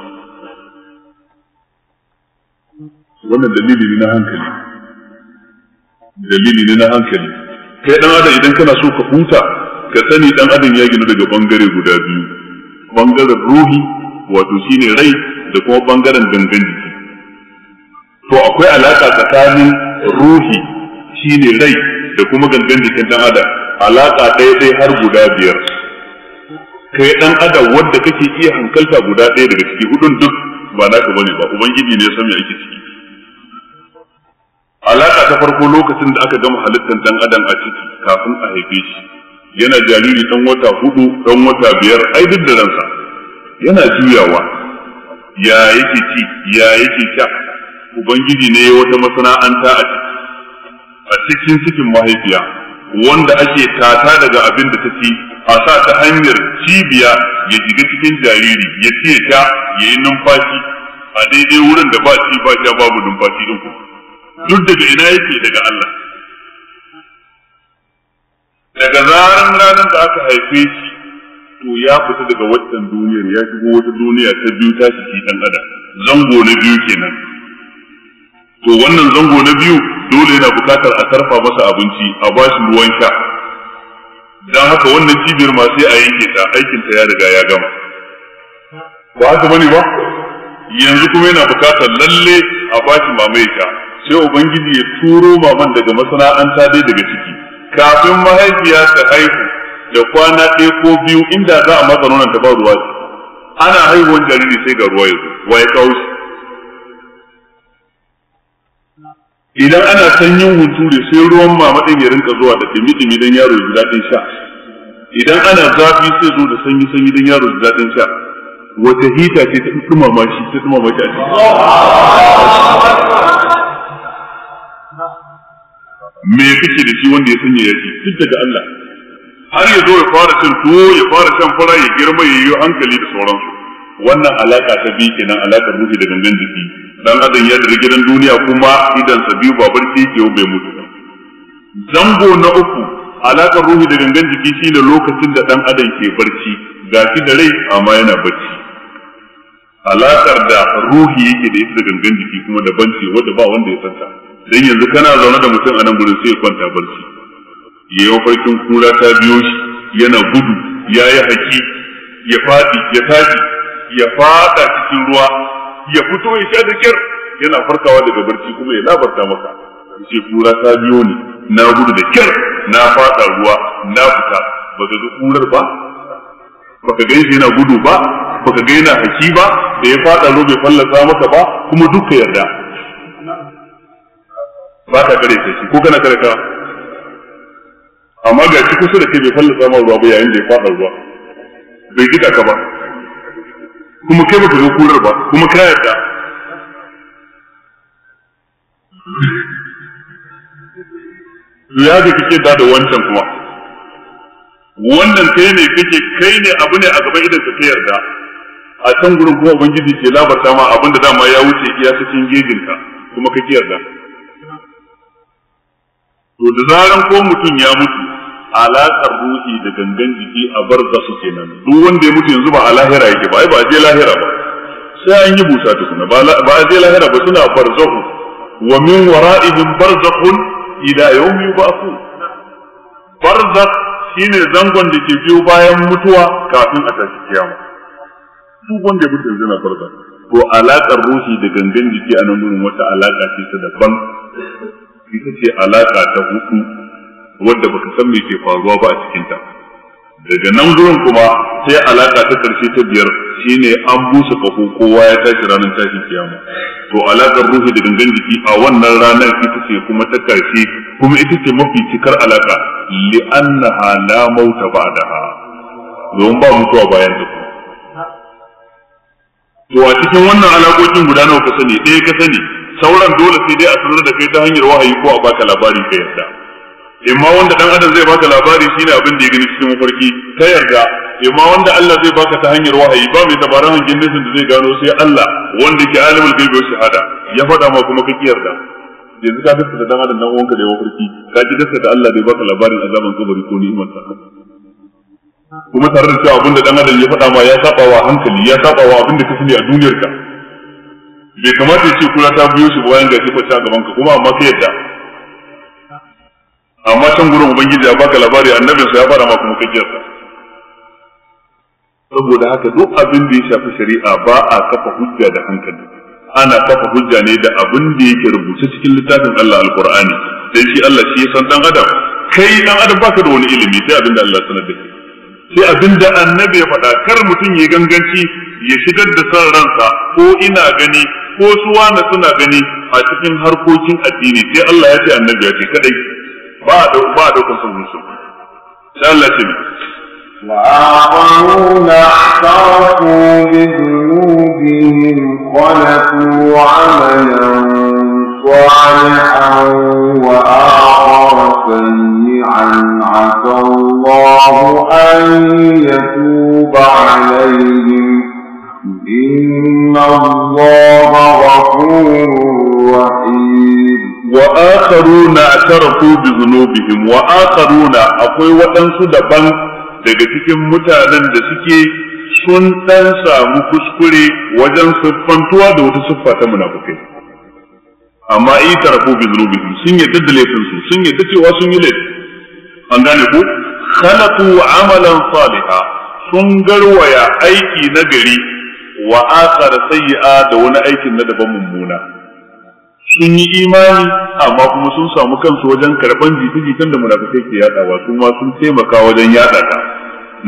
wannan dalili ne na hankali dalili ne na hankali kai dan adam idan kana so ka huta ka sani dan adam ya gina daga bangare guda biyu bangaren ruhi wato shine rai da kuma bangaren dangane to akwai alaka tsakanin ruhi shine rai da kuma gangan jikin dan adam alaka ɗaya ɗaya har guda biyar kai ɗan adam wanda kake iya hankalta guda ɗaya daga ciki hudun duk ba ka bane ba ubangiji ne ya san ake ciki alaka ta farko lokacin da aka gama halittar dan adam a ciki kafin a haife shi yana jariri dan wata hudu dan wata biyar ai duk da ransa yana juyawa ya yake ci ya yake sha ubangiji ne wata masana'anta a a cikin cikin mahaifiya wanda ake tata daga abin da ta a sa ta hanyar cibiya ya jiga cikin jariri ya ciye ta ya yi numfashi a daidai wurin da ba ci ba babu numfashi din ku duk daga ina yake daga Allah daga zaran ranar da aka haife shi to ya fita daga waccan duniyar ya shigo wata duniya ta biyu ta shi dan adam zango na biyu kenan to wannan zango na biyu dole yana bukatar a sarfa masa abinci a ba ruwan sha dan haka wannan cibiyar ma sai a yanke ta aikin ta ya riga ya gama ba haka bane ba yanzu kuma yana bukatar lalle a ba mamaye ta sai ubangiji ya turo maman daga masana'anta dai daga ciki kafin mahaifiya ta haihu da kwana ɗaya ko biyu inda za a matsa nonon ta ba ruwa ana haihuwan jariri sai ga ruwa ya zo wa ya kawo shi idan ana sanyin hunturi sai ruwan mamadin ya rinka zuwa da dimi-dimi don yaro ji daɗin sha idan ana zafi sai zo da sanyi-sanyi don yaro ji daɗin sha wata hita ce ta dumama shi ta dumama shi a me kake da shi wanda ya sanya yaki duk daga Allah har ya zo ya fara cin tuwo ya fara shan fara ya girma ya yi hankali da sauransu wannan alaka ta bi kenan alakar ruhi da gangan jiki dan adam ya da gidan duniya kuma idan sa biyu ba barci yau bai mutu zango na uku alakar ruhi da gangan jiki shine lokacin da dan adam ke barci gashi da rai amma yana barci alakar da ruhi yake da ita da gangan jiki kuma da banci wanda ba wanda ya santa dan yanzu kana zaune da mutum a nan gurin sai ya kwanta barci Ya yi farkin kura ta biyo shi yana gudu ya yi haki ya faɗi ya tashi ya faɗa cikin ruwa ya fito ya sha da kyar yana farkawa daga barci kuma ya labarta maka ce kura ta biyo ni na gudu da kyar na fada ruwa na fita ba ga kurar ba baka ga yana gudu ba baka ga yana haki ba da ya fada ruwa bai fallasa maka ba kuma duka yarda ba ka kare shi ko kana kare ka amma ga shi kusa da kai bai fallasa ma ruwa ba yayin da ya fada ruwa bai gida ka ba kuma kai baka zo kurar ba kuma ka yarda ya da kike da da wancan kuma wannan kai ne kake kai ne abu ne a gaban idan ka yarda a can gurin kuma ubangiji ke labarta ma abinda dama ya wuce gejin ka, kuma ka yarda to da zaran ko mutum ya mutu alaƙar ruhi da gangan jiki a bar su kenan duk wanda ya mutu yanzu ba a lahira yake ba ai ba a je lahira ba sai an yi busa tukuna ba a je lahira ba suna barzahu wa min wara'ihim barzakhun ila yawmi yub'athu shi shine zangon da ke biyo bayan mutuwa kafin a tashi kiyama duk wanda ya mutu yanzu na barzakh to alaƙar ruhi da gangan jiki a nan wata alaƙa ce ta daban ita ce alaƙa ta hutu Wadda baka san me ke faruwa ba a cikin ta daga nan gurin kuma sai alaka ta karshe ta biyar shine an busa kafo kowa ya tashi ranar tashin kiyama to alakar ruhi da gangan jiki a wannan ranar ita ce kuma ta karshe kuma ita ce mafi cikar alaka annaha la mauta ba'daha don ba mutuwa bayan ta to a cikin wannan alakokin guda nawa ka sani ɗaya eh, ka sani sauran dole sai dai a tura da kai ta hanyar wahayi ko a baka labari ka yarda imma wanda dan adam zai baka labari shine abin da ya gani cikin mafarki ta yarda imma wanda Allah zai baka ta hanyar wahayi ba mai dabaran hangin nesa da zai gano sai Allah wanda ke alimul gaibe wa shahada ya faɗa ma kuma ka yarda yanzu ka da dan adam dan uwanka da ya mafarki ka ji da Allah zai baka labarin azaban kabari ko ni'imar sa kuma tare da cewa abin da dan adam ya faɗa ma ya saba wa hankali ya saba wa abin da ka sani a duniyarka bai kamata ya ce kula ta biyo shi bayan gashi kwata gaban ka kuma amma ka yarda amma can gurin ubangiji ya baka labari annabin sa ya fara maka mukakkiyar ka. saboda haka duk abin da ya shafi shari'a ba a kafa hujja da hankali ana kafa hujja ne da abin da yake rubuce cikin littafin Allah alqur'ani sai shi Allah shi ya san dan adam kai dan adam baka da wani ilimi sai abin da Allah sanar da kai sai abin da annabi ya faɗa kar mutum ya ganganci ya shigar da san ransa ko ina gani ko suwa na suna gani a cikin harkokin addini sai Allah ya ce annabi ya ce kadai ba da ba da kun sun su sai Allah ce وآخرون احترفوا بذنوبهم خلقوا عملا صالحا وآخر سيئا عسى الله أن يتوب عليهم إن الله غفور رحيم wa akharuna atarafu bi dhunubihim wa akharuna akwai waɗansu daban daga cikin mutanen da suke sun dan samu kuskure wajen siffantuwa da wata siffa ta munafikai amma ai tarafu bi dhunubihim sun yadda da laifin su sun yadda cewa sun yi laifi an gane ku khalaqu amalan salihan sun garwaya aiki na gari wa akhara sayyi'a da wani aikin na daban mummuna sun yi imani amma kuma sun samu kansu wajen karban jita-jitan da munafikai ke yadawa su ma sun taimaka wajen yada ta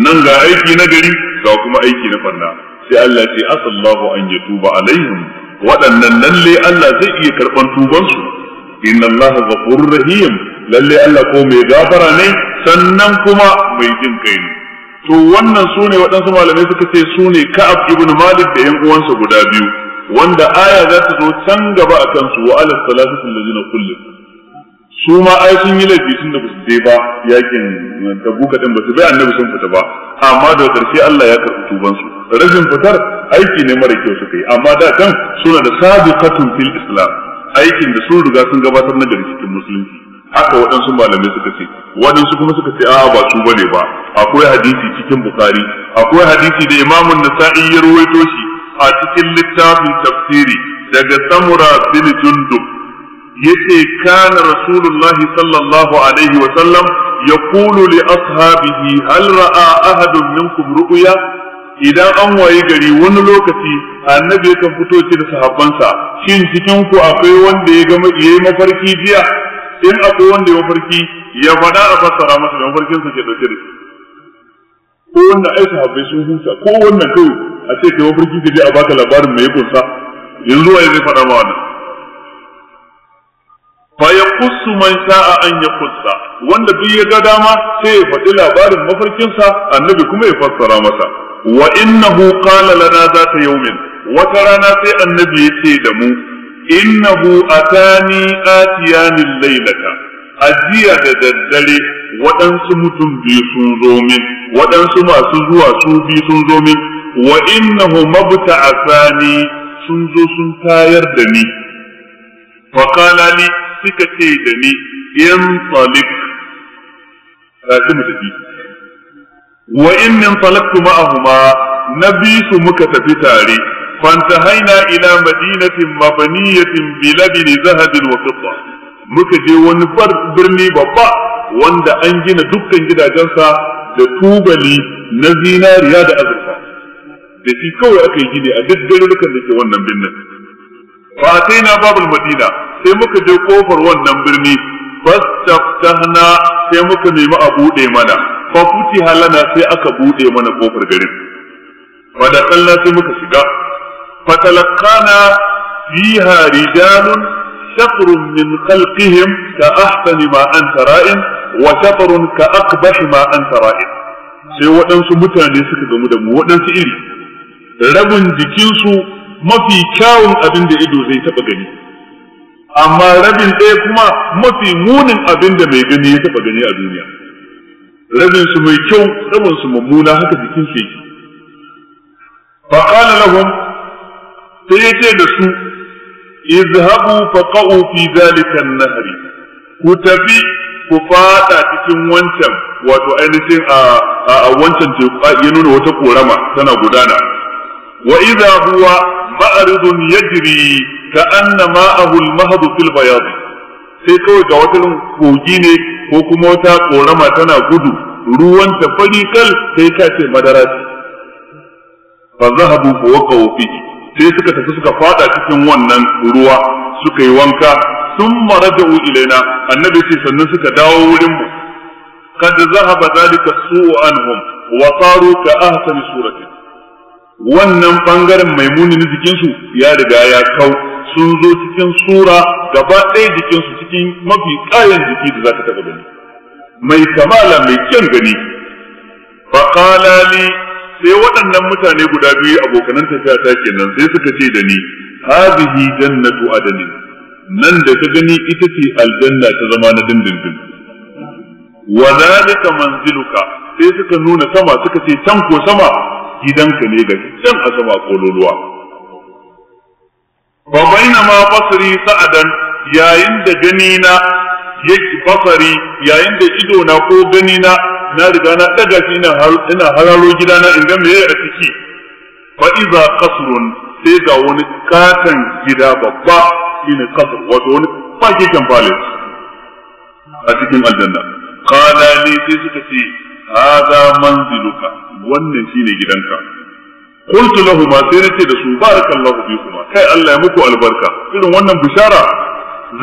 nan ga aiki na gari ga kuma aiki na farna sai Allah ce asallahu an tuba alaihim waɗannan lalle Allah zai iya karban tubansu inna Allah ghafurur rahim lalle Allah ko mai gafara ne sannan kuma mai jin kai ne to wannan sune waɗansu malamai suka ce sune Ka'ab ibn Malik da ƴan uwansa guda biyu wanda aya za ta zo can gaba a kansu wa ala salatu allazina kullu su ma ai sun yi laifi tun da ba su je ba yakin buka din ba su bai annabi sun fita ba amma da karshe Allah ya karɓi tuban su rashin fitar aiki ne mara kyau suka yi amma da kan suna da sabiqatun fil islam aikin da sun riga sun gabatar na gari cikin musulunci haka waɗansu malamai suka ce waɗansu kuma suka ce a'a ba su bane ba akwai hadisi cikin bukari akwai hadisi da imamun nasa'i ya ruwaito shi a cikin littafin tafsiri daga samura bin jundub yace kana rasulullah sallallahu alaihi wa sallam yaqulu li ashabihi hal ra'a ahadun minkum ru'ya idan an wayi gari wani lokaci annabi ya fito ce da sahabbansa shin cikin ku akwai wanda ya ga yayi mafarki jiya in akwai wanda ya mafarki ya faɗa a fassara masa da mafarkin sa ke dauke da shi ko wanda ai sahabbai sun huta ko wannan kai a ce kai mafarki ka je a baka labarin mai kunsa yanzu waye zai faɗa ma wannan fa yaqussu man sha'a an wanda duk ya ga dama sai ya faɗi labarin mafarkinsa annabi kuma ya fassara masa wa innahu qala lana zata yawmin wata rana sai annabi ya ce da mu innahu atani lailata a ajiya da daddare waɗansu mutum biyu sun zo min waɗansu masu zuwa su biyu sun zo min wa innahu a Sani sun zo sun tayar da ni wa qala ni suka ce da ni in talik tashi mu tafi wa inni talaktu ma'ahuma nabi su muka tafi tare fantahaina ila madinatin mabaniyatin biladin zahabin wa fidda muka je wani birni babba wanda an gina dukkan gidajensa da tubali na zinariya da azurfa da shi kawai aka yi gini a duk garurukan da ke wannan birnin fa ataina na babul madina sai muka je kofar wannan birni Bas taftahna sai muka nemi a bude mana fa futi halana sai aka bude mana kofar garin fa da kalla sai muka shiga fa talaqqana fiha rijalun shatrun min khalqihim ka ahsani ma anta ra'in wa shatrun ka aqbahi ma anta ra'in sai waɗansu mutane suka gamu da mu waɗansu iri rabin jikinsu mafi kyawun abin da ido zai taɓa gani amma rabin ɗaya kuma mafi munin abin da mai gani ya taɓa gani a duniya rabin su mai kyau rabin su mummuna haka jikin su yake fa qala lahum sai yace da su izhabu qa'u fi zalika an-nahri ku tafi ku fada cikin wancan wato ainihin a wancan teku ya nuna wata korama tana gudana wa idza huwa ma'ridun yajri ka anna ma'ahu al sai kawai ga wata kogi ne ko kuma wata korama tana gudu ruwan ta farikal sai ka ce madara ce fa zahabu fa waqaw sai suka tafi suka fada cikin wannan ruwa suka yi wanka sun maraja'u ilaina annabi sai sannan suka dawo wurin mu kad zahaba zalika su'u anhum wa saru ka ahsani suratin wannan bangaren mai muni na jikinsu ya riga ya kau sun zo cikin sura gaba ɗaya jikinsu cikin mafi ƙayan jiki da za ka taɓa gani mai kamala mai kyan gani faƙala li sai waɗannan mutane guda biyu abokanan tafiya ta kenan sai suka ce da ni hadhihi jannatu adnin nan da ta gani ita ce aljanna ta zama na dindindin wa zalika manziluka sai suka nuna sama suka ce can ko sama gidanka ne ga can a sama kololuwa na ma fasari sa'adan yayin da gani na yake basari yayin da ido na ko gani na na riga na daga shi ina hararo gida na inda meye a ciki fa iza qasrun sai ga wani katon gida babba ne qasr wato wani fakikin palace a cikin aljanna qala li sai suka ce hadha manziluka wannan shine gidanka qultu lahu ma sai nace da su barakallahu kuma kai Allah ya muku albarka irin wannan bishara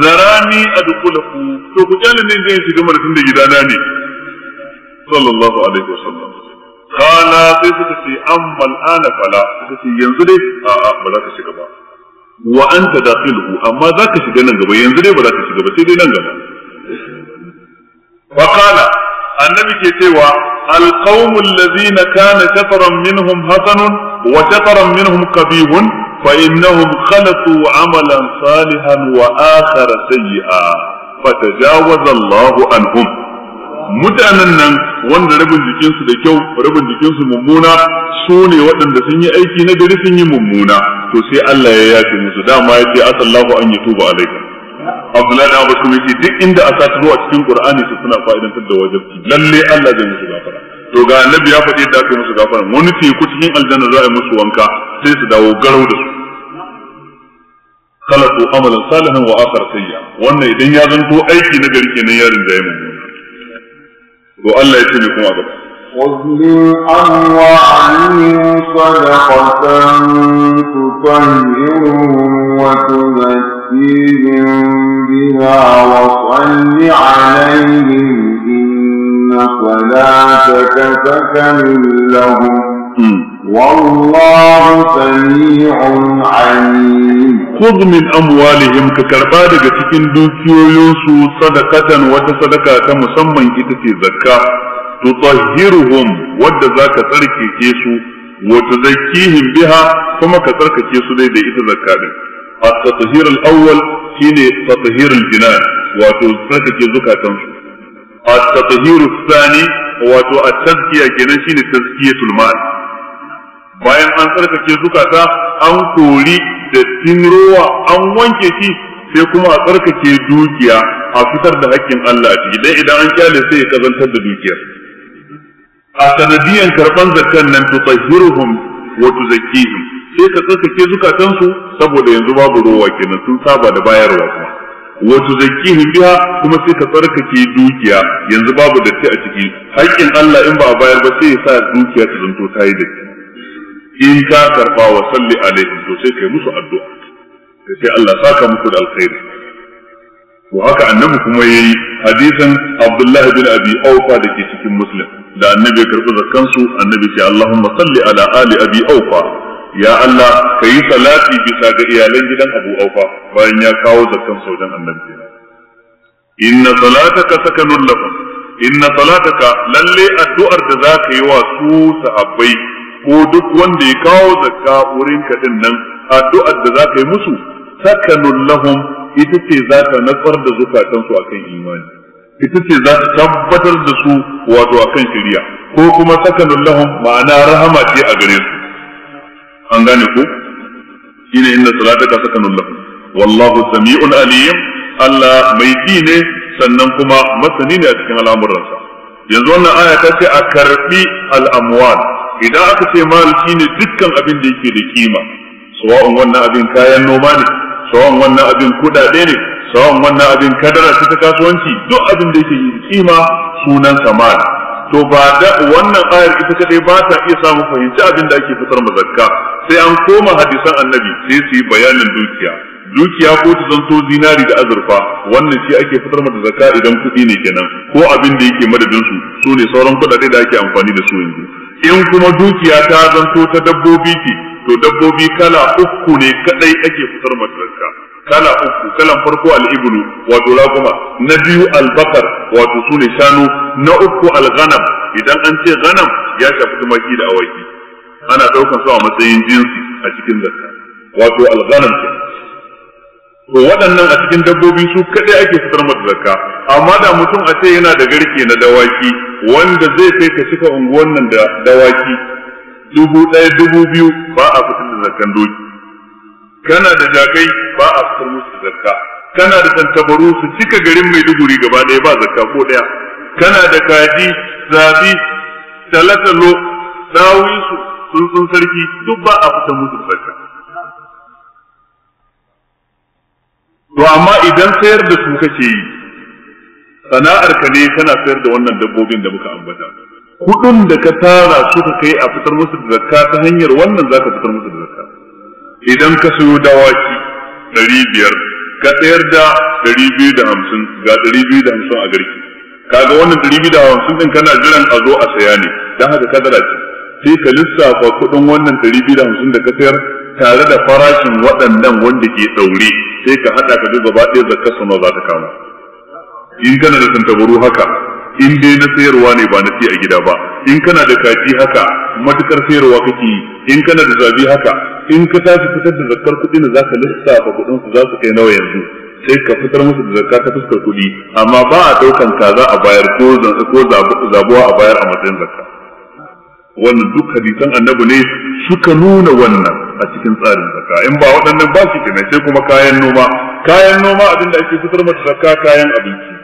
zarani adkhuluhu to ku jalla ne zai shiga marfin da gidana ne sallallahu alaihi wasallam kana sai suka ce amma al'ana fala suka ce yanzu dai a'a ba za ka shiga ba wa anta dakhiluhu amma za ka shiga nan gaba yanzu dai ba za ka shiga ba sai dai nan gaba fa kana annabi ke cewa alqaumul lazina kana shataran minhum hasanun wa shataran minhum qabihun fa innahum khalatu amalan salihan wa akhara sayyi'a fatajawaza Allahu anhum mutanen nan wanda rabin jikinsu da kyau rabin jikinsu mummuna su ne waɗanda sun yi aiki na gari sun yi mummuna to sai Allah ya yafe musu dama ya ce asallahu an tuba alaika Abdullahi da Abu kuma yace duk inda aka ta a cikin Qur'ani su suna fa'idantar da wajibi lalle Allah zai musu gafara to ga annabi ya faɗi da aka musu gafara wani ku cikin aljanna za a yi musu wanka sai su dawo garau da su khalaqu amalan salihan wa akhar sayya wannan idan ya zanto aiki na gari kenan yarin da ya mu to Allah ya ce ne kuma gaba خذ من أموالهم صدقة تطهرهم ببصير بها وصل عليهم إن صلاتك سكن لهم hmm. والله سميع عليم خذ من أموالهم ككربا daga cikin dukiyoyinsu sadakatan wata sadaka ta musamman ita ce zakka tutahhiruhum wadda zaka tsarkake su wa tuzakkihim biha kuma ka tsarkake su dai da ita zakka din at-tathhir al-awwal shine tathhir al-jinan wato tsarkake zukatan su at-tathhir al-thani wato at-tazkiya kenan shine tazkiyatul mal bayan an tsarkake zukata an kori da tinrowa an wanke shi sai kuma a tsarkake dukiya a fitar da hakkin Allah ciki dai idan an kyale sai ya kazantar da dukiyar a sanadiyan karban zakkan nan tutahhiruhum wa tuzakkihim sai ka tsarkake zukatansu saboda yanzu babu ruwa kenan sun saba da bayarwa kuma wato zakihim biha kuma sai ka tsarkake dukiya yanzu babu datti a ciki haƙƙin Allah in ba a bayar ba sai ya sa dukiya ta zanto ta yi datti in ka karɓa wa salli Alaihi to sai kai musu addu'a sai Allah saka muku da alkhairi to haka annabi kuma yayi hadisin Abdullah bin Abi Aufa da ke cikin Muslim da annabi ya karɓi zakansu annabi ce Allahumma salli ala ali Abi Aufa ya Allah ka yi salati bisa ga iyalan gidan Abu Aufa bayan ya kawo zakkan saudan annabi inna salataka sakanun lahum inna salataka lalle addu'ar da zaka yi wa su sahabbai ko duk wanda ya kawo zakka wurin ka din nan addu'ar da zaka yi musu sakanun lahum ita ce za ta natsar da su akan imani ita ce za ta tabbatar da su wato akan shari'a ko kuma sakanun lahum ma'ana rahama ce a gare su an gane ku shine salata ka saka lahum wallahu sami'un alim Allah mai ji ne sannan kuma masani ne a cikin al'amuransa yanzu wannan aya ta ce a karbi al'amwal idan aka ce mal shine dukkan abin da yake da kima sawa'un wannan abin kayan noma ne sawa'un wannan abin kudade ne sawa'un wannan abin kadara ta kasuwanci duk abin da yake kima sunan samal to ba da wannan ayar ita kadai ba ta iya samu fahimci abin da ake fitar ma zakka sai an koma hadisan annabi sai su yi bayanin dukiya dukiya ko ta zanto zinari da azurfa wannan shi ake fitar mata zakka idan kuɗi ne kenan ko abin da yake madadin su su ne sauran kuɗaɗe da ake amfani da su yanzu in kuma dukiya ta zanto ta dabbobi ce to dabbobi kala uku ne kadai ake fitar mata zakka kala uku kalan farko al-iblu wato raguma na biyu al-bakar wato sune shanu na uku al-ghanam idan an ce ghanam ya shafi tumaki da awaki ana daukar su a matsayin jinsi a cikin zakka wato al-ghanam to waɗannan a cikin dabbobi su kadai ake fitar mata zakka amma da mutum a ce yana da garke na dawaki wanda zai kai ka cika unguwan nan da dawaki dubu ɗaya dubu biyu ba a fitar da zakkan doki kana da jakai ba a fitar musu zakka kana da tantabaru su cika garin Maiduguri gaba ɗaya ba zakka ko ɗaya kana da kaji zabi talatalo dawinsu tsuntsun sarki duk ba a fitar musu zakka to amma idan sayar da su kake yi sana'ar ka ne kana sayar da wannan dabbobin da muka ambata kudin da ka tara suka kai a fitar musu da zakka ta hanyar wannan zaka fitar musu da zakka idan ka sayo dawaki ɗari biyar ka tsayar da ɗari biyu da hamsin ga ɗari biyu da hamsin a garki kaga wannan ɗari biyu da hamsin ɗin kana jiran a zo a saya ne don haka kadara ce sai ka lissafa kuɗin wannan ɗari biyu da hamsin da ka sayar tare da farashin waɗannan wanda ke ɗaure sai ka haɗa ka duba gaba ɗaya zakka sama za ta kama in kana da tantabaru haka in dai na sayarwa ne ba na ci a gida ba in kana da kaji haka matukar sayarwa kake yi in kana da zabi haka in ka tashi fitar da zakar kuɗi da zaka lissafa kuɗin su za su kai nawa yanzu sai ka fitar musu da zakka ta fuskar kuɗi amma ba a ɗaukan kaza a bayar ko ko zabuwa a bayar a matsayin zakka wannan duk hadisan annabi ne suka nuna wannan a cikin tsarin zakka in ba waɗannan ba shi sai kuma kayan noma kayan noma abinda ake fitar mata zakka kayan abinci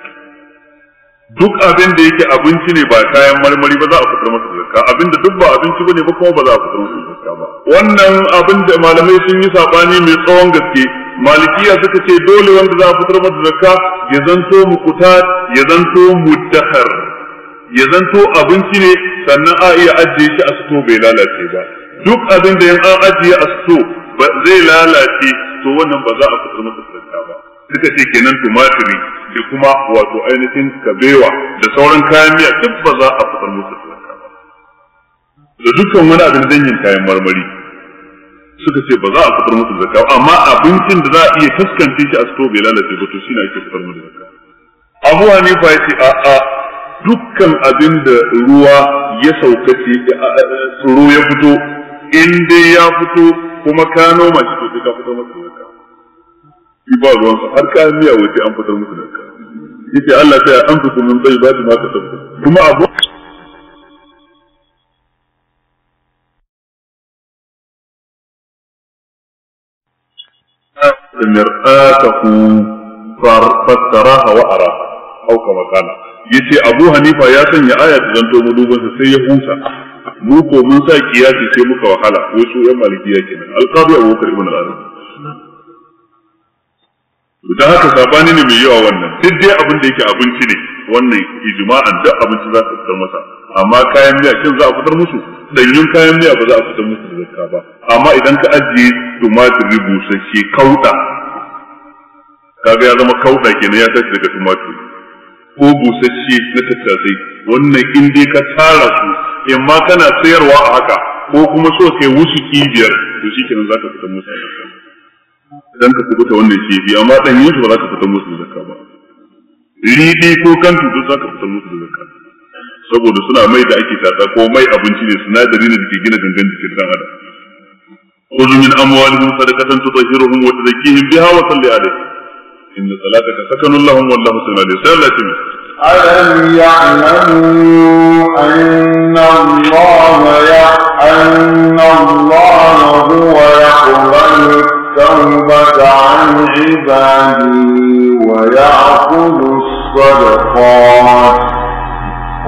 duk abin da yake abinci ne ba kayan marmari ba za a fitar masa zakka abin da duk ba abinci bane ba kuma ba za a fitar masa zakka ba wannan abin da malamai sun yi sabani mai tsawon gaske malikiya suka ce dole wanda za a fitar masa zakka ya zanto mukuta ya zanto muddahar ya zanto abinci ne sannan a iya ajiye shi a sito bai lalace ba duk abin da yan an ajiye a sito zai lalace to wannan ba za a fitar masa zakka ba suka ce kenan tumatiri da kuma wato ainihin kabewa da sauran kayan miya duk ba za a fitar musu talaka ba da dukkan wani abin danyen kayan marmari suka ce ba za a fitar musu zakka amma abincin da za a iya taskance shi a sito bai lalace ba to shine ake fitar musu zakka Abu ne ya ce a a dukkan abin da ruwa ya sauka ce tsoro ya fito in dai ya fito kuma ka noma shi to sai ka fitar musu shi ba ruwansa har kayan miya waje an fitar musu da ka yace Allah sai an fi mun tsayi ba ma ka tabbata kuma abu mir'atahu fassaraha wa araha au kama kana yace Abu Hanifa ya sanya aya ta zanto mudubin sa sai ya husa mu ko mun sa kiyasi sai muka wahala wasu yan malikiya kenan alqabi Abu Bakar ibn al-Arabi da haka sabani ne mai yawa wannan duk dai abin da yake abinci ne wannan ijma'an duk abinci za ka fitar masa amma kayan miya shin za a fitar musu danyun kayan miya ba za a fitar musu da zakka ba amma idan ka ajiye tumatir busasshe kauda kaga ya zama kauda kenan ya tashi daga tumatir ko busasshe na tattasai wannan in ka tara su in ma kana sayarwa a haka ko kuma so kai wusu kibiyar to kenan za ka fitar musu da idan ka kubuta wannan kifi amma dan yusuf ba za ka fita musu da zakka ba ridi ko kan duk za ka fita musu da zakka saboda suna mai da ake tata ko mai abinci ne sinadari ne da ke gina gangan jikin dan adam khudhu min amwalihim sadaqatan tutahhiruhum wa tuzakkihim biha wa salli alayhi inna salataka sakanun lahum wallahu sami'un alim sallallahu ألم يعلموا أن الله يعلم أن الله هو يقبل التوبة عن عبادي ويأخذ الصدقات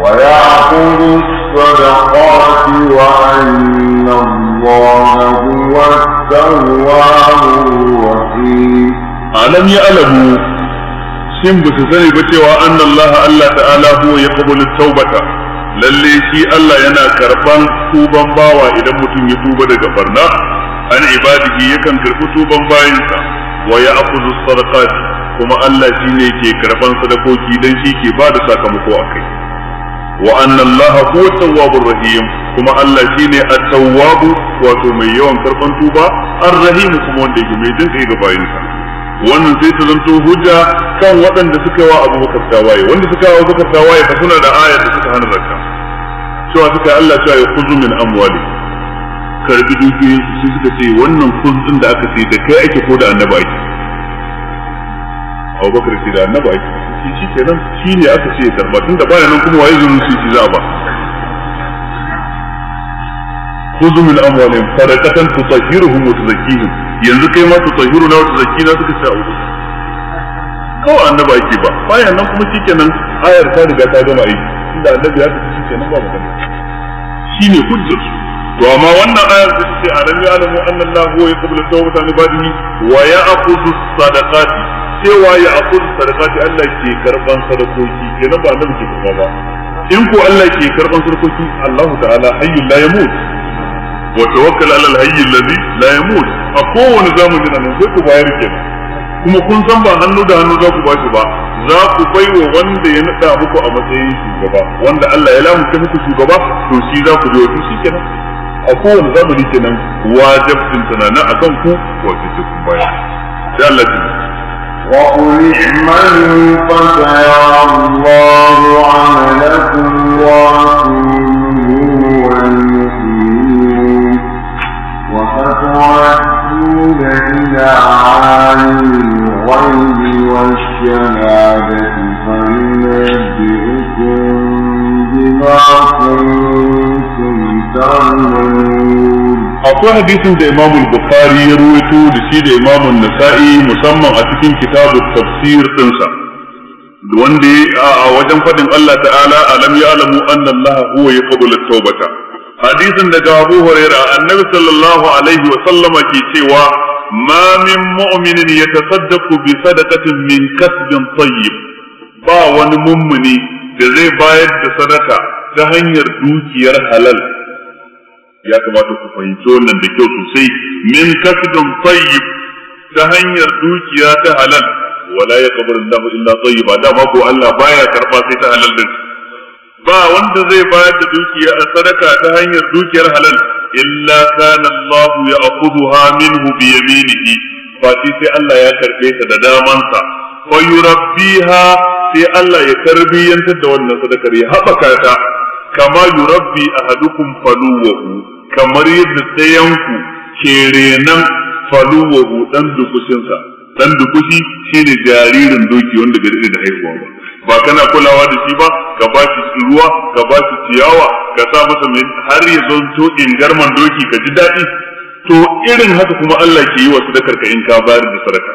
ويأخذ الصدقات وأن الله هو التواب الرحيم ألم يعلموا shin ba su sani ba cewa annallaha Allah ta'ala huwa yaqbalu ta'ubata? lalle shi Allah yana karban tuban bawa idan mutum ya tuba daga barna an ibadihi yakan karɓi tuban bayansa wa ya akuzu sadaqat kuma Allah shi ne ke karɓan sadakoki dan shi ke ba da sakamako a kai wa anna Allah huwa tawwabur rahim kuma Allah shi ne at-tawwab wato mai yawan karɓan tuba ar-rahim kuma wanda yake mai jin kai ga bayansa wannan sai ta zanto hujja kan waɗanda suka wa Abu Bakar tawaye wanda suka wa Abu Bakar tawaye fa suna da ayar da suka hana zakka cewa suka Allah cewa ya kuzu min amwali karbi dukiyoyin su sai suka ce wannan kuzin da aka ce da kai ake ko da annaba ake Abu Bakar ce da annaba ake shi shi kenan shi ne aka ce karba da bayan nan kuma waye zumun shi za a ba khudhu min amwalihim sadaqatan tutahhiruhum wa tuzakkihim yanzu kai ma tutahhiruna wa na suka ce a'udhu kawai annaba ake ba bayan nan kuma nan ayar ta riga ta gama aiki inda annabi ya tafi nan ba gani shi ne su to amma wannan ayar da take a rabi alamu annallahu huwa yaqbalu tawbata min ibadihi wa ya'khudhu sadaqati cewa ya aqul sadaqati Allah ke karban sadakoki kenan ba annabi ke karba ba in ko Allah ke karban sadakoki Allah ta'ala hayyul la yamut wa tawakkal ala al-hayy alladhi la yamut a kowane zamani nan sai ku bayar kenan kuma kun san ba hannu da hannu za ku ba shi ba za ku bai wa wanda ya nada muku a matsayin shugaba wanda Allah ya lamunta muku shugaba to shi za ku biyo shi kenan a kowane zamani kenan wajibcin sanana akan ku wato ce kun bayar sai Allah ya وقل اعملوا فسيرى الله عملكم ورسوله والمؤمنون وستردون إلى عالم الغيب والشهادة فينبئكم بما كنتم akwai hadisin da Imam Bukhari ya ruwaito da shi da Imam Nasa'i musamman a cikin kitabut tafsir dinsa wanda a wajen fadin Allah ta'ala alam ya'lamu anna Allah huwa ya at-taubata hadisin daga Abu Hurairah annabi sallallahu alaihi wa sallama ke cewa ma min mu'minin yatasaddaqu bi sadaqatin min kasbin tayyib ba wani mummuni da zai bayar da sadaka ta hanyar dukiyar halal ya kamata ku fahimci wannan da kyau sosai min kasbin tayyib ta hanyar dukiya ta halal wala yaqbalu Allahu illa tayyiba da ba ko Allah baya karba sai ta halal din ba wanda zai bayar da dukiya a sadaka ta hanyar dukiyar halal illa kana Allah ya'khudha minhu bi yaminihi fa sai Allah ya karbe ta da damansa fa yurabbiha sai Allah ya tarbiyyantar da wannan sadakar ya haɓaka ta kama yurabbi ahadukum faluwahu kamar yadda ɗayanku ke renan faluwahu dan dukushinsa dan dukushi shine jaririn doki wanda bai da haihuwa ba ba kana kulawa da shi ba ka ba shi ruwa ka ba shi ciyawa ka sa masa mai har ya zonto garman doki ka ji daɗi to irin haka kuma Allah ke yi wa sadakar ka in ka bayar da sadaka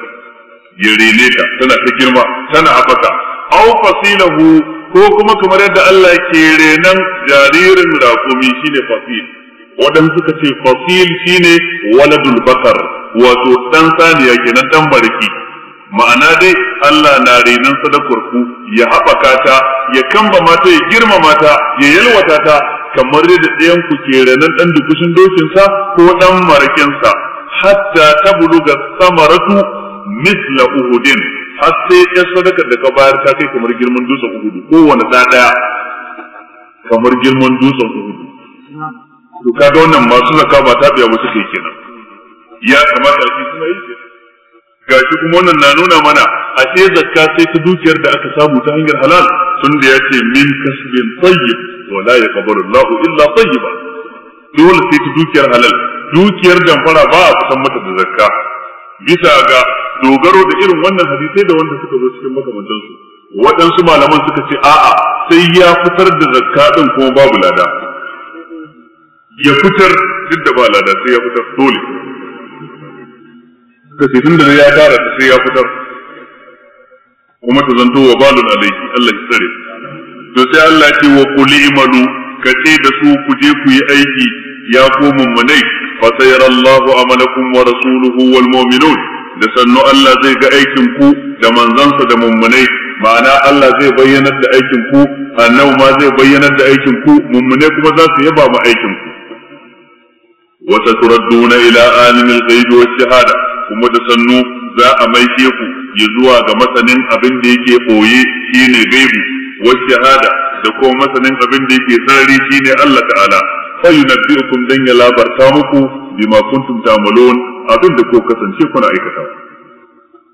ya rene tana ta girma tana haɓaka au fasilahu ko kuma kamar yadda Allah ke renan jaririn raƙumi shine fasil wadan suka ce fasil shine waladul bakar wato ɗan saniya kenan ɗan barki ma'ana dai Allah na renan sadakar ku ya haɓaka ta ya kamba mata ya girmama ta ya yalwata ta kamar da ɗayan ku ke renan dan dukushin dokinsa ko dan sa hatta ta tabluga samaratu misla uhudin har sai ƴan sadakar da ka bayar ta kai kamar girman dutsen uhudu kowane da daya kamar girman dutsen uhudu to ga wannan masu zaka ba ta biya ba suke kenan ya kamata shi kuma yi ga shi kuma wannan na nuna mana a ce zakka sai ta dukiyar da aka samu ta hanyar halal tun da ya ce min kasbin tayyib wa la yaqbalu Allahu illa tayyiba dole sai ta dukiyar halal dukiyar damfara ba a kusan mata da zakka bisa ga dogaro da irin wannan hadisai da wanda suka zo cikin makamantansu waɗansu malaman suka ce a'a sai ya fitar da zakka din kuma babu lada ya fitar duk da ba lada sai ya fitar dole ka ce tun da ya ta sai ya fitar kuma ta zanto wa balun alaiki Allah ya tsare to sai Allah ya ce wa qul imalu ka ce da su ku je ku yi aiki ya ko mummunai fa Allahu amalakum wa rasuluhu wal mu'minun da sannu Allah zai ga aikin ku da manzansa da mummunai ma'ana Allah zai bayyanar da aikin ku annabi ma zai bayyanar da aikin ku mummunai kuma za su yaba ma aikin ku wa taturadduna ila alimil ghaibi wash shahada kuma da sannu za a maishe ku ya zuwa ga masanin abin da yake boye shine gaibi wa shahada da kuma masanin abin da yake sarari shine Allah ta'ala fa yunabbi'ukum dan ya labarta muku bima kuntum ta'malun abin da ko kasance kuna aikatawa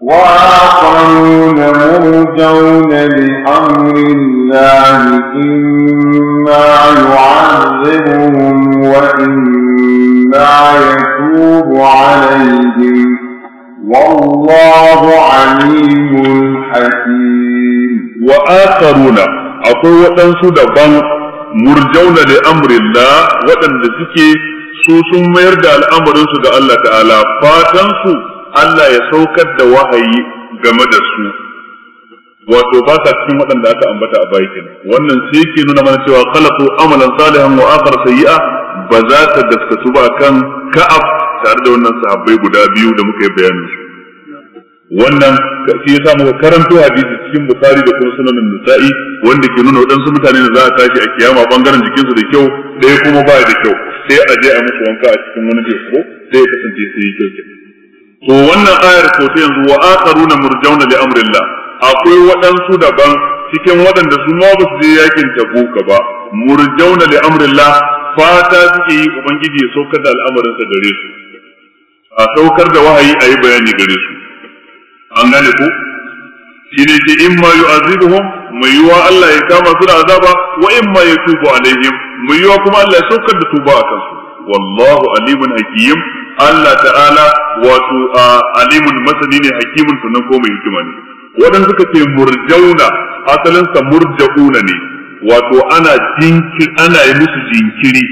وآخرون مرجون لأمر الله إما يعذبهم وإما يتوب عليهم والله عليم حكيم وآخرون أقوى أنسو دبان مرجون لأمر الله وأن suke. su sun mayar da al'amarinsu ga Allah ta'ala fatansu Allah ya saukar da wahayi game da su wato ba sa cikin waɗanda aka ambata a baya kenan wannan sai yake nuna mana cewa khalaqu amalan salihan wa akhar sayyi'a ba za ta daskatu ba kan ka'ab tare da wannan sahabbai guda biyu da muka yi bayanin su wannan shi yasa muka karanto hadisi cikin bukari da kuma sunanin nisa'i wanda ke nuna waɗansu mutane da za a tashi a kiyama bangaren jikinsu da kyau ɗaya kuma ba da kyau sai a je a musu wanka a cikin wani ko sai ya kasance sai ya kyau to wannan ayar ko ta yanzu wa akharuna murjauna li amrillah akwai waɗansu daban cikin waɗanda su ma ba su je yakin tabuka ba murjauna li amrillah fata suke yi ubangiji ya saukar da al'amarinsa gare su a saukar da wahayi a yi bayani gare su an gane ko shi ne in ma yu'azibuhum mai yiwuwa Allah ya kama su da azaba wa in ma yatubu alaihim mai yiwa kuma Allah ya saukar da tuba a kansu wallahu alimun hakim Allah ta'ala wato alimun masani ne hakimun sannan ko mai hikima ne wadan suka ce murjauna asalin murjauna ne wato ana jinkir ana yi musu jinkiri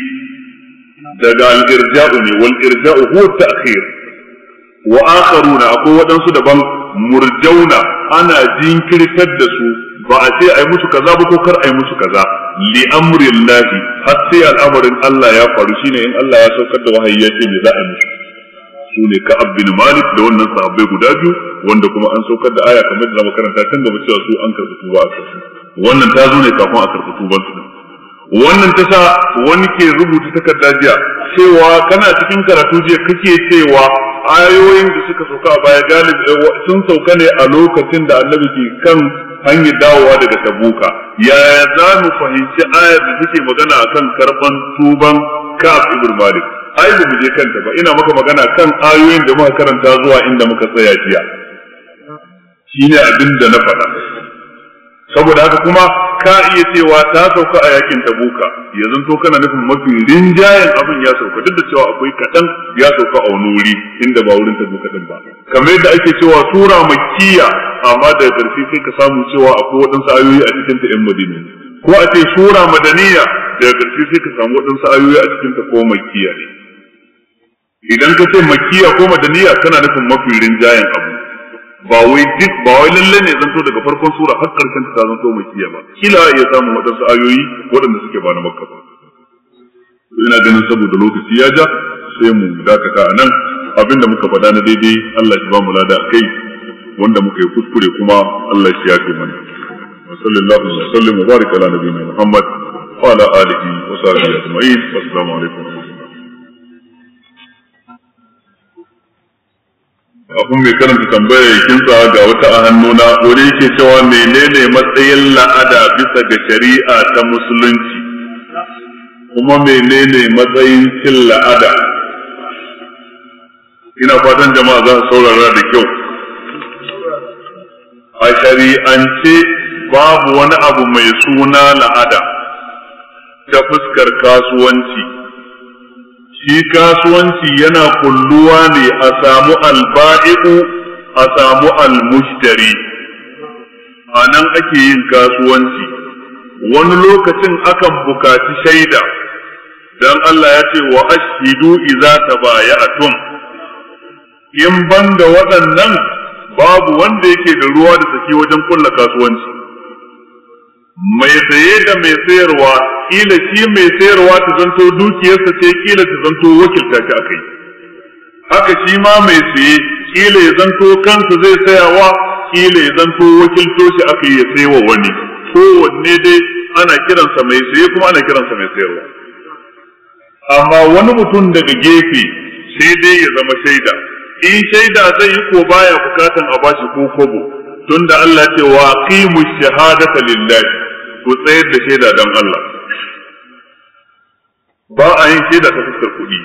daga al-irja'u ne wal irja'u huwa ta'khir wa akharuna akwai waɗansu daban murjauna ana jinkirtar da su ba a ce ai musu kaza ba ko kar ai musu kaza li amrillahi har sai al'amarin Allah ya faru shine in Allah ya saukar da wahayi ya ce me za a musu su ne ka bin malik da wannan sahabbai guda biyu wanda kuma an saukar da aya kamar da makaranta tun gaba cewa su an karɓi tuba a wannan ta zo ne kafin a karɓi tuban su wannan ta sa wani ke rubuta takarda jiya cewa kana cikin karatu jiya kake cewa ayoyin da suka sauka a baya galibi eh, sun sauka ne a lokacin da annabi ke kan hanyar dawowa daga tabuka yaya za mu fahimci ayar da take magana kan karban tuban kaf ibn malik ai ba mu je kanta ba ina maka magana kan ayoyin da muka karanta zuwa inda muka tsaya jiya shine abin da na faɗa saboda haka kuma ka iya cewa ta sauka a yakin tabuka yanzu to kana nufin mafi rinjayen abin ya sauka duk da cewa akwai kaɗan ya sauka a wani wuri inda ba wurin tabuka din ba kamar yadda ake cewa sura makkiya amma da ƙarshe sai ka samu cewa akwai waɗansu ayoyi a cikin ta yan madina ko a ce sura madaniya daga ƙarshe sai ka samu waɗansu ayoyi a cikin ta ko makkiya ne idan ka ce makkiya ko madaniya kana nufin mafi rinjayen abu ba wai duk ba wai lalle ne zanto daga farkon sura har karshen ta zanto mai kiya ba kila ya samu wadansu ayoyi waɗanda suke ba na makka ba ina ganin saboda lokaci ya ja sai mu dakata a nan abinda muka faɗa na daidai Allah shi ba mu lada kai wanda muka yi kuskure kuma Allah shi ya fi mana sallallahu alaihi wa sallam wa Muhammad wa ala alihi wa sahbihi ajma'in assalamu alaikum kafin mai karanta tambaya yakin tsawa ga wata a hannuna wani yake cewa menene matsayin la'ada bisa ga shari'a ta musulunci kuma menene matsayin cin la'ada ina fatan jama'a za su saurara da kyau a shari'ance babu wani abu mai suna la'ada ta fuskar kasuwanci shi kasuwanci yana kulluwa ne a samu alba'i'u a samu almushtari a nan ake yin kasuwanci wani lokacin akan bukaci shaida Don Allah ya ce wa baya baya tun in banda waɗannan babu wanda yake da ruwa da saki wajen kulla kasuwanci mai saye da mai sayarwa kila shi mai sayarwa ta zanto dukiyarsa ce kila ta zanto wakilta ta akai haka shi ma mai saye kila ya zanto kansa zai sayawa kila ya zanto wakilto shi akai ya sayawa wani kowanne dai ana kiransa mai saye kuma ana kiransa mai sayarwa amma wani mutum daga gefe sai dai ya zama shaida in shaida zai yi ko baya bukatan a bashi ko kobo tunda Allah ce wa qimu shahadata lillahi ku tsayar da shaida dan Allah ba a yin shaida ta fuskar kuɗi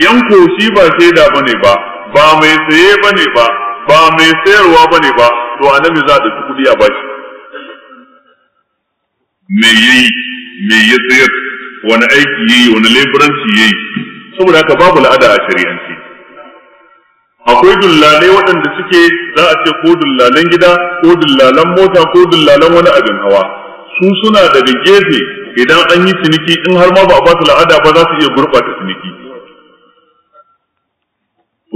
'yan koshi ba shaida bane ba ba mai saye bane ba ba mai sayarwa bane ba to nan za a ɗauki kuɗi a bashi me yayi me ya sayar wani aiki yayi wani leburanci yayi saboda haka babu la'ada a shari'anci akwai dullalai waɗanda suke za a ce ko dullalan gida ko dullalan mota ko dullalan wani abin hawa su suna daga gefe idan an yi ciniki in har ma ba a ba su la'ada ba za su iya gurɓata ciniki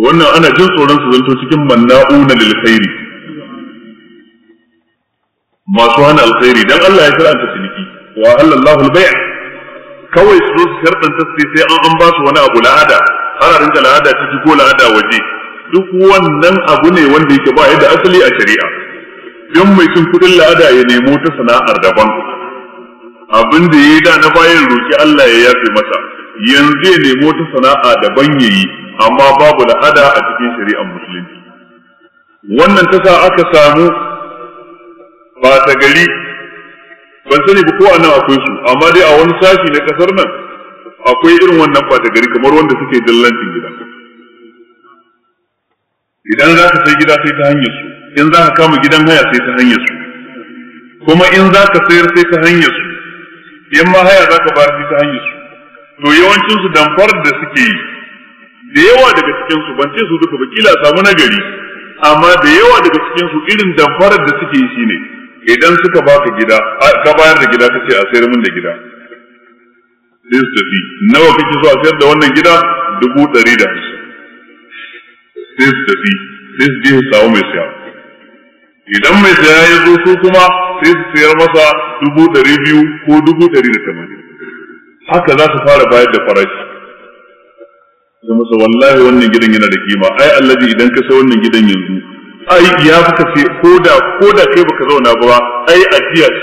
wannan ana jin tsoron su zanto cikin manna'u na khairi masu hana alkhairi dan Allah ya shar'anta ciniki wa halallahu al kawai su su shar'anta sai an an ba su wani abu la'ada Hararin da la'ada ciki ko la'ada waje duk wannan abu ne wanda yake ba yadda da asali a shari'a don mai cin kudin la'ada ya nemo ta sana'ar daban abin da ya yi da na bayan roƙi Allah ya yafe masa yanzu ya nemo ta sana'a da ya yi amma babu la'ada a cikin shari'ar musulunci wannan ta sa aka samu ba ta gari ban sani ba ko anan nan akwai su amma dai a wani sashi na kasar nan akwai irin wannan ba ta gari kamar wanda suke dillancin gida idan za ka sai gida sai ta hanyar su in za ka kama gidan haya sai ta hanyar su kuma in za ka sayar sai ta hanyar su in ma haya za ka bayar ta hanyar su to yawancin su damfar da suke yi da yawa daga cikin su ban ce su duka ba kila samu nagari amma da yawa daga cikin su irin damfarar da suke yi shine idan suka baka gida ka bayar da gida kace a sayar min da gida sai su tafi nawa kake so a sayar da wannan gida dubu ɗari da sai su tafi sai su je su samu mai sayar idan mai saya ya zo su kuma sai su sayar masa dubu ɗari biyu ko dubu ɗari da tamanin haka za su fara bayar da farashi da masa wallahi wannan gidan yana da kima ai allazi idan ka sai wannan gidan yanzu ai ya fi kafe ko da ko da kai baka zauna ba ai ajiyar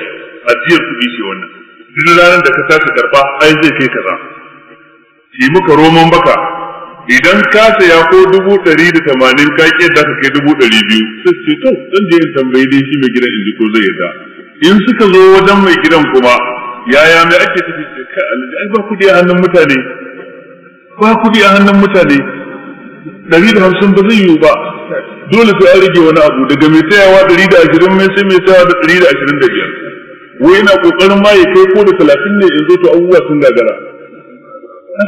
ajiyar kuɗi ce wannan duk ranar da ka tashi karba ai zai kai kaza yi muka roman baka idan ka saya ko dubu ɗari da tamanin ka ƙi yadda ka kai dubu ɗari biyu sai ce to dan je in tambayi dai shi mai gidan in ji ko zai yarda. in suka zo wajen mai gidan kuma yaya mai ake tafi ce kai alaji ai ba kuɗi a hannun mutane ba kuɗi a hannun mutane ɗari da hamsin ba zai yiwu ba dole sai an rage wani abu daga mai tsayawa ɗari da ashirin mai sai mai tsayawa da ɗari da ashirin da biyar wai ina ƙoƙarin ma ya kai ko da talatin ne in zo to abubuwa sun gagara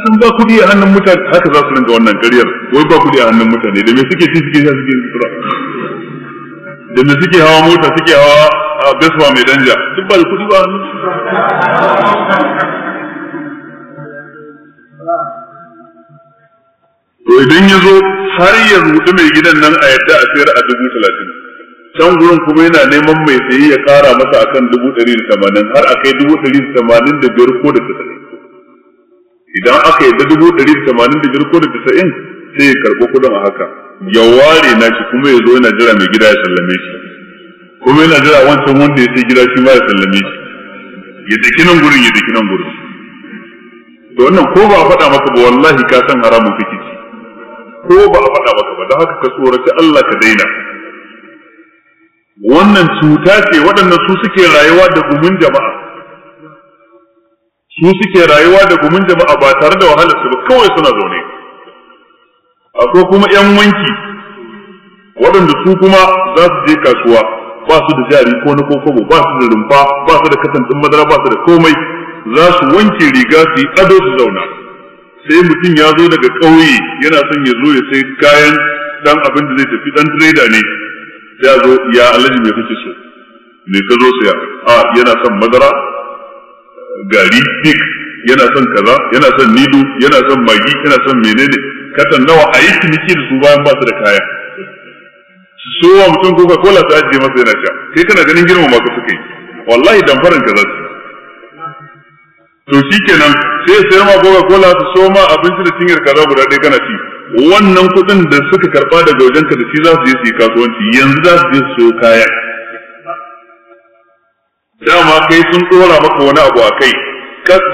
sun ba kuɗi a hannun mutane haka za su rinka wannan ƙaryar wai ba kuɗi a hannun mutane da me suke ci suke sha suke sutura da me suke hawa mota suke hawa a gaswa mai danja duk ba da kuɗi ba hannun to idan ya zo har ya rudu mai gidan nan a yadda a sayar a dubu talatin can gurin kuma yana neman mai sayi ya kara masa akan dubu ɗari da tamanin har a kai dubu ɗari da tamanin da biyar ko da tasa'in idan aka yarda dubu ɗari da tamanin da biyar da tasa'in sai ya karɓi kuɗin a haka ya ware na shi kuma ya zo yana jira mai gida ya sallame shi kuma yana jira wancan wanda ya sai gida shi ma ya sallame shi ya daki nan gurin ya daki nan gurin to wannan ko ba a faɗa maka ba wallahi ka san haramun kake ci ko ba a faɗa maka ba don haka ka tsoraci Allah ka daina wannan cuta ce waɗannan su suke rayuwa da gumin jama'a su suke rayuwa da gumin jama'a ba tare da wahalar su ba kawai suna zaune akwai kuma yan wanki waɗanda su kuma za su je kasuwa ba su da jari ko na kokobo ba su da rumfa ba su da katan madara ba su da komai za su wanke riga su yi ado su zauna sai mutum ya zo daga ƙauye yana son ya zo ya sai kayan dan abin da zai tafi dan tireda ne ya zo ya alaji mai kake so me ka zo saya a ah, yana son madara gari dik yana son kaza yana son nido yana son magi yana son menene katan nawa a yi ciniki da su bayan ba su da kaya so wa mutum coca kola ta ajiye masa yana sha kai kana ganin girma ma ka suka yi wallahi damfaran kaza su to kenan sai sai ma goga kola su so ma abinci da cinyar kaza guda ɗaya kana ci wannan kuɗin da suka karɓa daga wajenka da shi za su yi kasuwanci yanzu za su je su so kaya dama kai sun dora maka wani abu a kai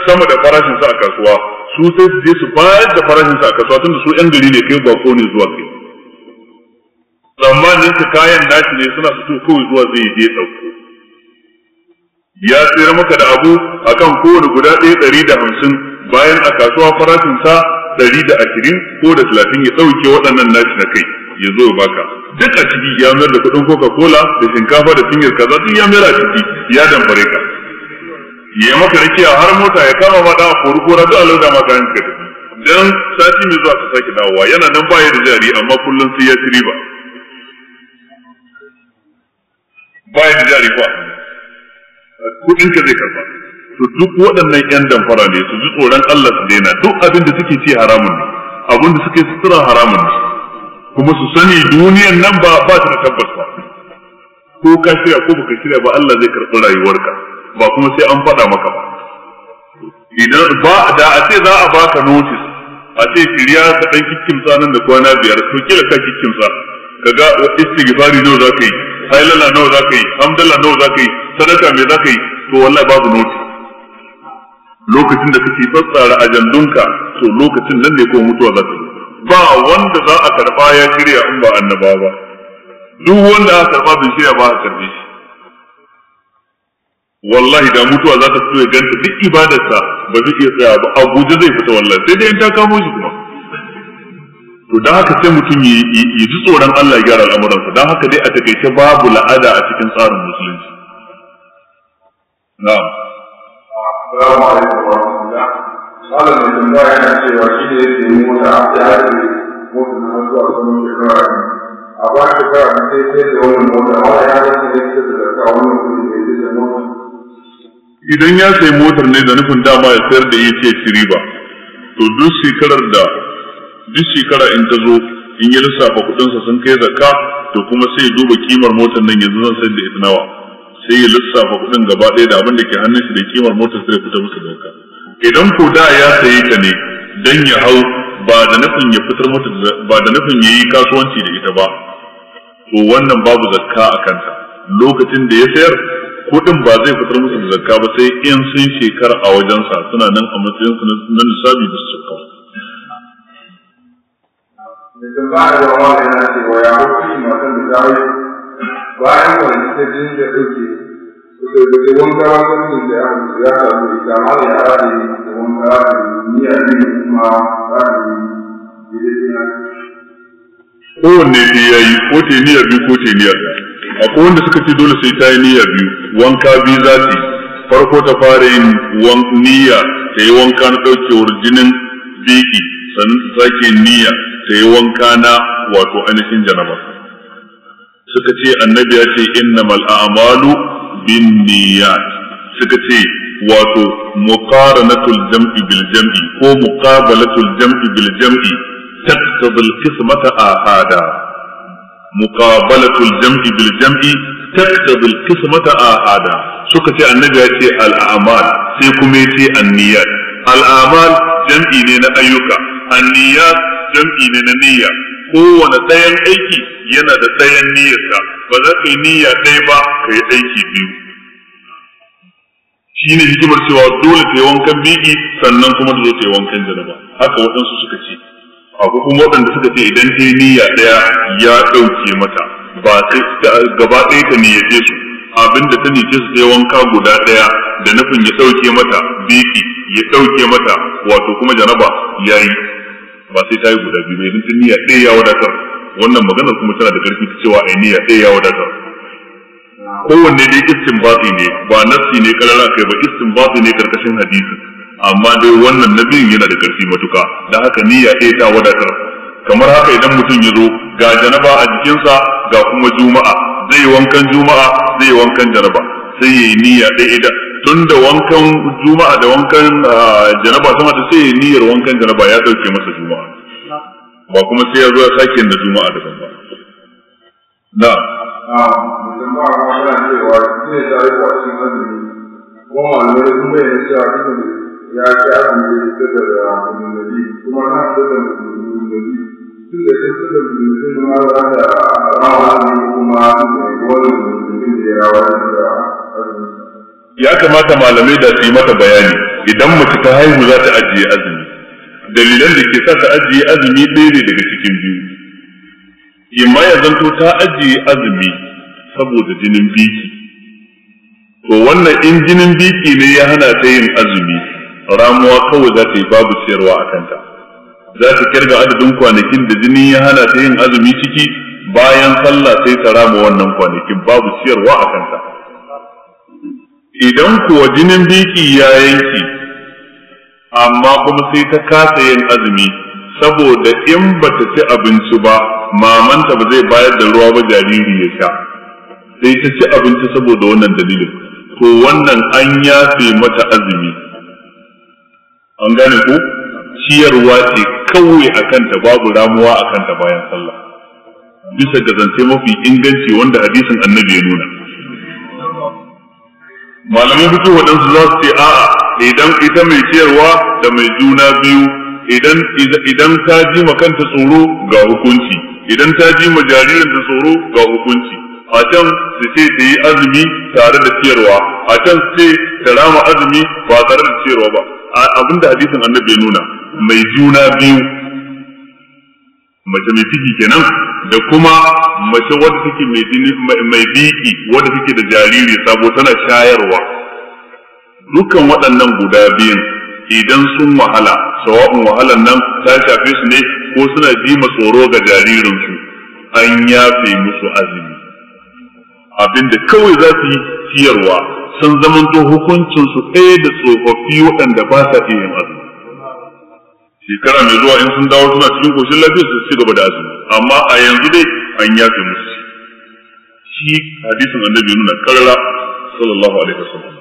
sama da farashin sa a kasuwa su sai su je su bayar da farashin sa a kasuwa tunda su yan gari ne kai ko ne zuwa kai tsammanin ka kayan nashi ne suna su kawai zuwa zai je dauko ya tsira maka da abu akan kowane guda ɗaya ɗari da hamsin bayan a kasuwa farashin sa ɗari da ashirin ko da talatin ya ɗauke waɗannan nashi na kai ya zo baka duk a ciki ya mayar da kuɗin coca cola da shinkafa da finger kaza duk ya mayar a ciki ya damfare ka ya maka rikiya, har mota ya kama ma da kori kora duk a lauda ma kayan ka tafi dan sati mai zuwa ka sake dawowa yana nan baya da jari amma kullum sai ya tiri ba baya da jari ba kuɗin ka zai karba to duk waɗannan 'yan damfara ne su ji tsoron Allah su daina duk abin da suke ci haramun ne abin da suke sutura haramun ne kuma su sani duniyan nan ba ba ta tabbas ba ko ka shirya ko baka shirya ba Allah zai karɓi rayuwarka ba kuma sai an faɗa maka ba idan ba da a ce za a baka notice a ce shirya ka dan kikkimsa nan da kwana biyar to kila ka kikkimsa kaga istighfari nawa za ka yi hailala nawa za ka yi hamdala nawa za ka yi sadaka me za ka yi to wallahi babu notice lokacin da kake tsatsara ajandunka to lokacin nan ne ko mutuwa za ta yi ba wanda za a karba ya shirya in ba annaba ba duk wanda aka karba bai shirya ba a karbe wallahi da mutuwa za ta fito ya ganta duk ibadarsa ba zai iya tsaya ba abuja zai fita wallahi sai dai in ta kamo shi kuma to dan haka sai mutum ya ji tsoron Allah ya gyara al'amuransa dan haka dai a takaice babu la'ada a cikin tsarin musulunci na'am assalamu alaikum malam mai tambaya yana cewa shi ne yake yi mota ya haɗe mota na zuwa kuma shekara a ba shekara da sai sai da wannan mota ma ya haɗe ne sai da zaka wannan kuɗi da ya da mota. Idan ya sayi motar ne da nufin dama ya sayar da ya ce shiri ba, to duk shekarar da duk shekara in ta zo in yi lissafa kuɗinsa sun kai zakka to kuma sai ya duba kimar motar nan yanzu zan sayar da ita nawa sai ya lissafa kuɗin gaba ɗaya da abin da ke hannun shi da kimar motar sai ya fita musu zakka. idan ko da ya saye ta ne dan ya hau ba da nufin ya fitar mata ba da nufin ya yi kasuwanci da ita ba to wannan babu zakka a kanta lokacin da ya sayar kudin ba zai fitar musu da zakka ba sai in sun shekar a wajensa suna nan a matsayin su na nisabi da su zakka bayan wani ta ɗauke perché contava con il anche la chiamare a rari contare mia prima rari di destinare kowanne ne ya yi ko ta niyya biyu ko ta niyya akwai wanda suka ce dole sai ta yi niyya biyu wanka biyu za ta yi. farko ta fara yin niyya ta yi wanka na ɗaukewar jinin biki sannan ta sake niyya ta yi wanka na wato ainihin janaba suka ce annabi ya ce innamal a'malu bin niyyat suka ce wato muqaranatul jam'i bil jam'i ko muqabalatul jam'i bil jam'i تقتضي القسمة آحادا مقابلة الجمع بالجمع تقتضي القسمة آحادا suka ce annabi ya ce al'amal sai kuma ya ce anniyat al'amal jam'i ne na ayyuka anniyat jam'i ne na niyya kowane ɗayan aiki yana da tsayin niyyarsa ba za ka yi niyya ɗaya ba ka yi aiki biyu shi ne hikimar cewa dole ta yi wankan biki sannan kuma da zo ta yi wankan jaraba haka waɗansu suka ce akwai kuma waɗanda suka ce idan ta yi niyya ɗaya ya ɗauke mata ba sai gaba ɗaya ta niyyace su da ta niyyace su sai wanka guda ɗaya da nufin ya ɗauke mata biki ya ɗauke mata wato kuma jaraba ya yi ba sai ta yi guda biyu ba idan ta niyya ɗaya ya wadatar wannan maganar kuma tana da karfi ta cewa a niyya ɗaya ya wadata kowanne dai batsi ne ba nassi ne karara kai ba batsi ne karkashin hadisi amma dai wannan na biyun yana da karfi matuka da haka niyya ɗaya ta wadatar kamar haka idan mutum ya zo ga janaba a jikinsa ga kuma juma'a zai wankan juma'a zai wankan janaba sai yi niyya ɗaya idan tun da wankan juma'a da wankan ah, janaba sama ta sai yi niyyar wankan janaba ya ɗauke masa juma'a ba kuma sai ya zo ya sake da juma'a da ba na ya ci da kuma na da da ya kamata malamai da su yi mata bayani idan mace ta haihu za ta ajiye azumi dalilan da ke sa ta ajiye azumi ɗaya ne daga cikin biyu imma ya zanto ta ajiye azumi saboda jinin biki to wannan in jinin biki ne ya hana ta yin azumi ramuwa kawai za ta yi babu ciyarwa a kanta za ta kirga adadin kwanakin da jini ya hana ta yin azumi ciki bayan sallah sai ta rama wannan kwanakin babu ciyarwa a kanta idan kuwa jinin biki ya yanki amma kuma sai ta kasa yin azumi saboda in ba ta ci abinci ba mamanta ba zai bayar da ruwa ba jariri ya sha sai ta ci abinci saboda wannan dalilin to wannan an yafe mata azumi an gane ku ciyarwa ce kawai a kanta babu ramuwa a kanta bayan sallah bisa ga zance mafi inganci wanda hadisin annabi ya nuna malamai fito waɗansu za su ce a'a idan ita mai ciyarwa da mai juna biyu idan idan ta ji ma kanta tsoro ga hukunci idan ta ji ma jaririn ta tsoro ga hukunci a can su ce ta yi azumi tare da ciyarwa a can su ce ta rama azumi ba tare da ciyarwa ba abinda hadisin annabi ya nuna mai juna biyu mace mai ciki kenan da kuma mace wadda take mai biki wadda take da jariri sabo tana shayarwa dukkan waɗannan guda biyun idan sun wahala sawa'un wahalan nan ta shafe su ne ko suna ji tsoro ga jaririnsu an yafe musu azumi abinda kawai za su yi ciyarwa sun zamanto hukuncinsu ɗaya da tsofaffi waɗanda ba sa iya yin azumi shekara mai zuwa in sun dawo suna cikin koshin lafiya su ci gaba da azumi amma a yanzu dai an yafe musu shi hadisin annabi nuna karara sallallahu alaihi wasallam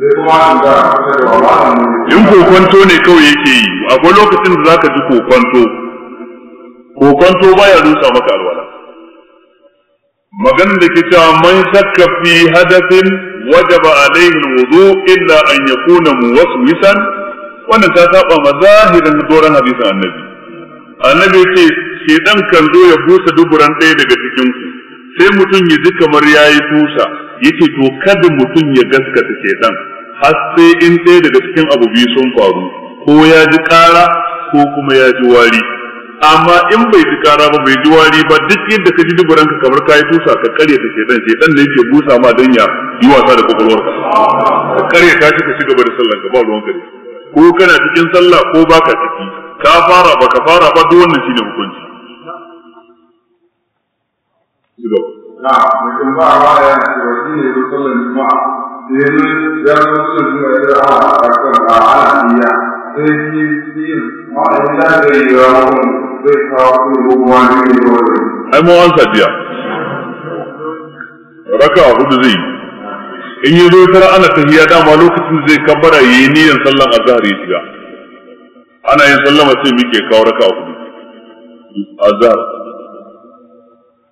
in kokonto ne kawai yake yi akwai lokacin da za ka ji kokonto kokonto baya rusa maka alwala maganar da ke cewa man shakka fi hadafin wajaba alaihi alwudu illa an ya kuna mu wasu wisan wannan ta saba ma zahirin doron hadisin annabi annabi ke shedan kan zo ya busa duburan ɗaya daga cikin ku sai mutum ya ji kamar yi tusa yake to kada mutum ya gaskata dan har sai in ɗaya daga cikin abu biyu sun faru ko ya ji ƙara ko kuma ya ji wari amma in bai ji ƙara ba bai ji wari ba duk yadda ka ji ka kamar ka yi tusa ka karya ta ke dan ne yake busa ma dan ya yi wasa da kwakwalwarka ka karya ta shi ka ci gaba da ka ba ruwan ka ko kana cikin sallah ko baka ciki ka fara ba ka fara ba duk wannan shine hukunci Thank you. na mutum ba ba ya ce wa shi ne zo sallan juma'a sai ne ya zo sallan juma'a ya a kakar a alaƙiya sai shi shi ma'ayin da zai yi wa mutum zai kawo su rubuwa ne ne kawai. ai mawan sadiya raka hudu zai yi in yi zo tara ana tahiya dama lokacin zai kabbara yi niyyar sallan azhar ya shiga ana yin sallama sai muke kawo raka hudu azhar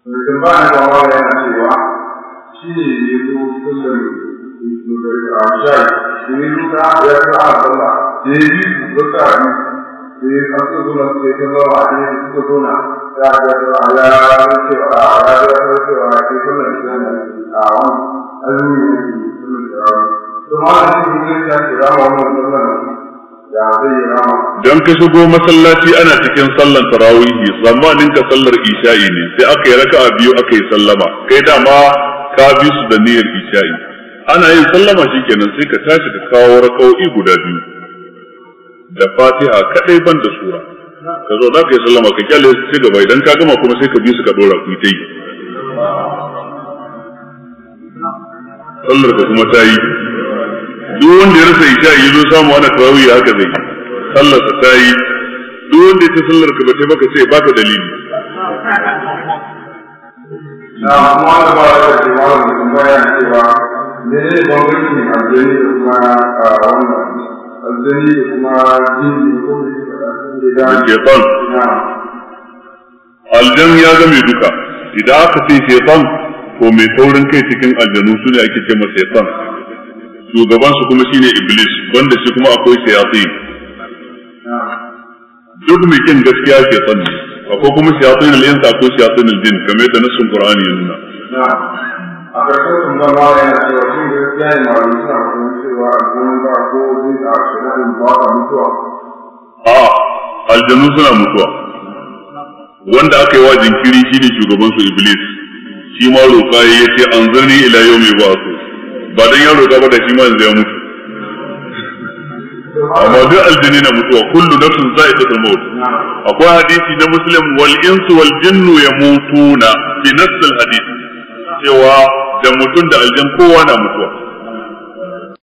Musulman da wawa yana cewa shi ne ne ko kusan a shari da ya duka ya fi a da ya bi su duka a yi da ya kasu suna su ya kan zama a cikin suka suna ya ga cewa ya cewa ya ga cewa ya ke suna da a wani azumi ne ke suna da yawa. Tumana shi ne ya ce ya ce ya ma wani don ka shigo masallaci ana cikin sallan tarawihi zamanin ka sallar isha'i ne sai aka yi raka'a biyu aka yi sallama kai dama ka bi su da niyyar isha'i ana yin sallama shikenan sai ka tashi ka kawo raka'o'i guda biyu da fatiha kadai ban da sura ka zo za ka yi sallama ka kyale su sai gaba idan ka gama kuma sai ka bi su ka dora ku ta yi sallar ka kuma ta yi duk wanda ya rasa isha yi zo samu ana ya haka zai sallar sa ta yi duk wanda ya ta sallar ka bace baka ce baka dalili na kuma da ba da cewa mutum bayan cewa ne ne bambanci aljani da kuma ah, wannan aljani da kuma jini ko da ke shaitan aljan ya zama duka idan aka ce shaitan to mai saurin kai cikin aljanu su ne ake ce ma shaitan shugaban su kuma shine iblis banda shi kuma akwai shayatin duk mai kin gaskiya ke tsanni akwai kuma shayatin al-insa akwai shayatin al-jin kamar yadda nasin qur'ani ya nuna a ƙarshen sun ga ma yana cewa shin gaskiya ne ma bisa kuma cewa aljanu ba ko bisa shirin ba ka mutuwa a aljanu suna mutuwa wanda aka yi wa jinkiri shine shugaban su iblis shi ma roƙa ya ce an zani ila yau mai ba su ba dan yaro ta bada shi ma yanzu ya mutu amma duk aljini na mutuwa kullu nafsin za'iqatul maut akwai hadisi na muslim wal insu wal jinnu yamutuna fi nafsil hadith cewa da mutum da aljan kowa na mutuwa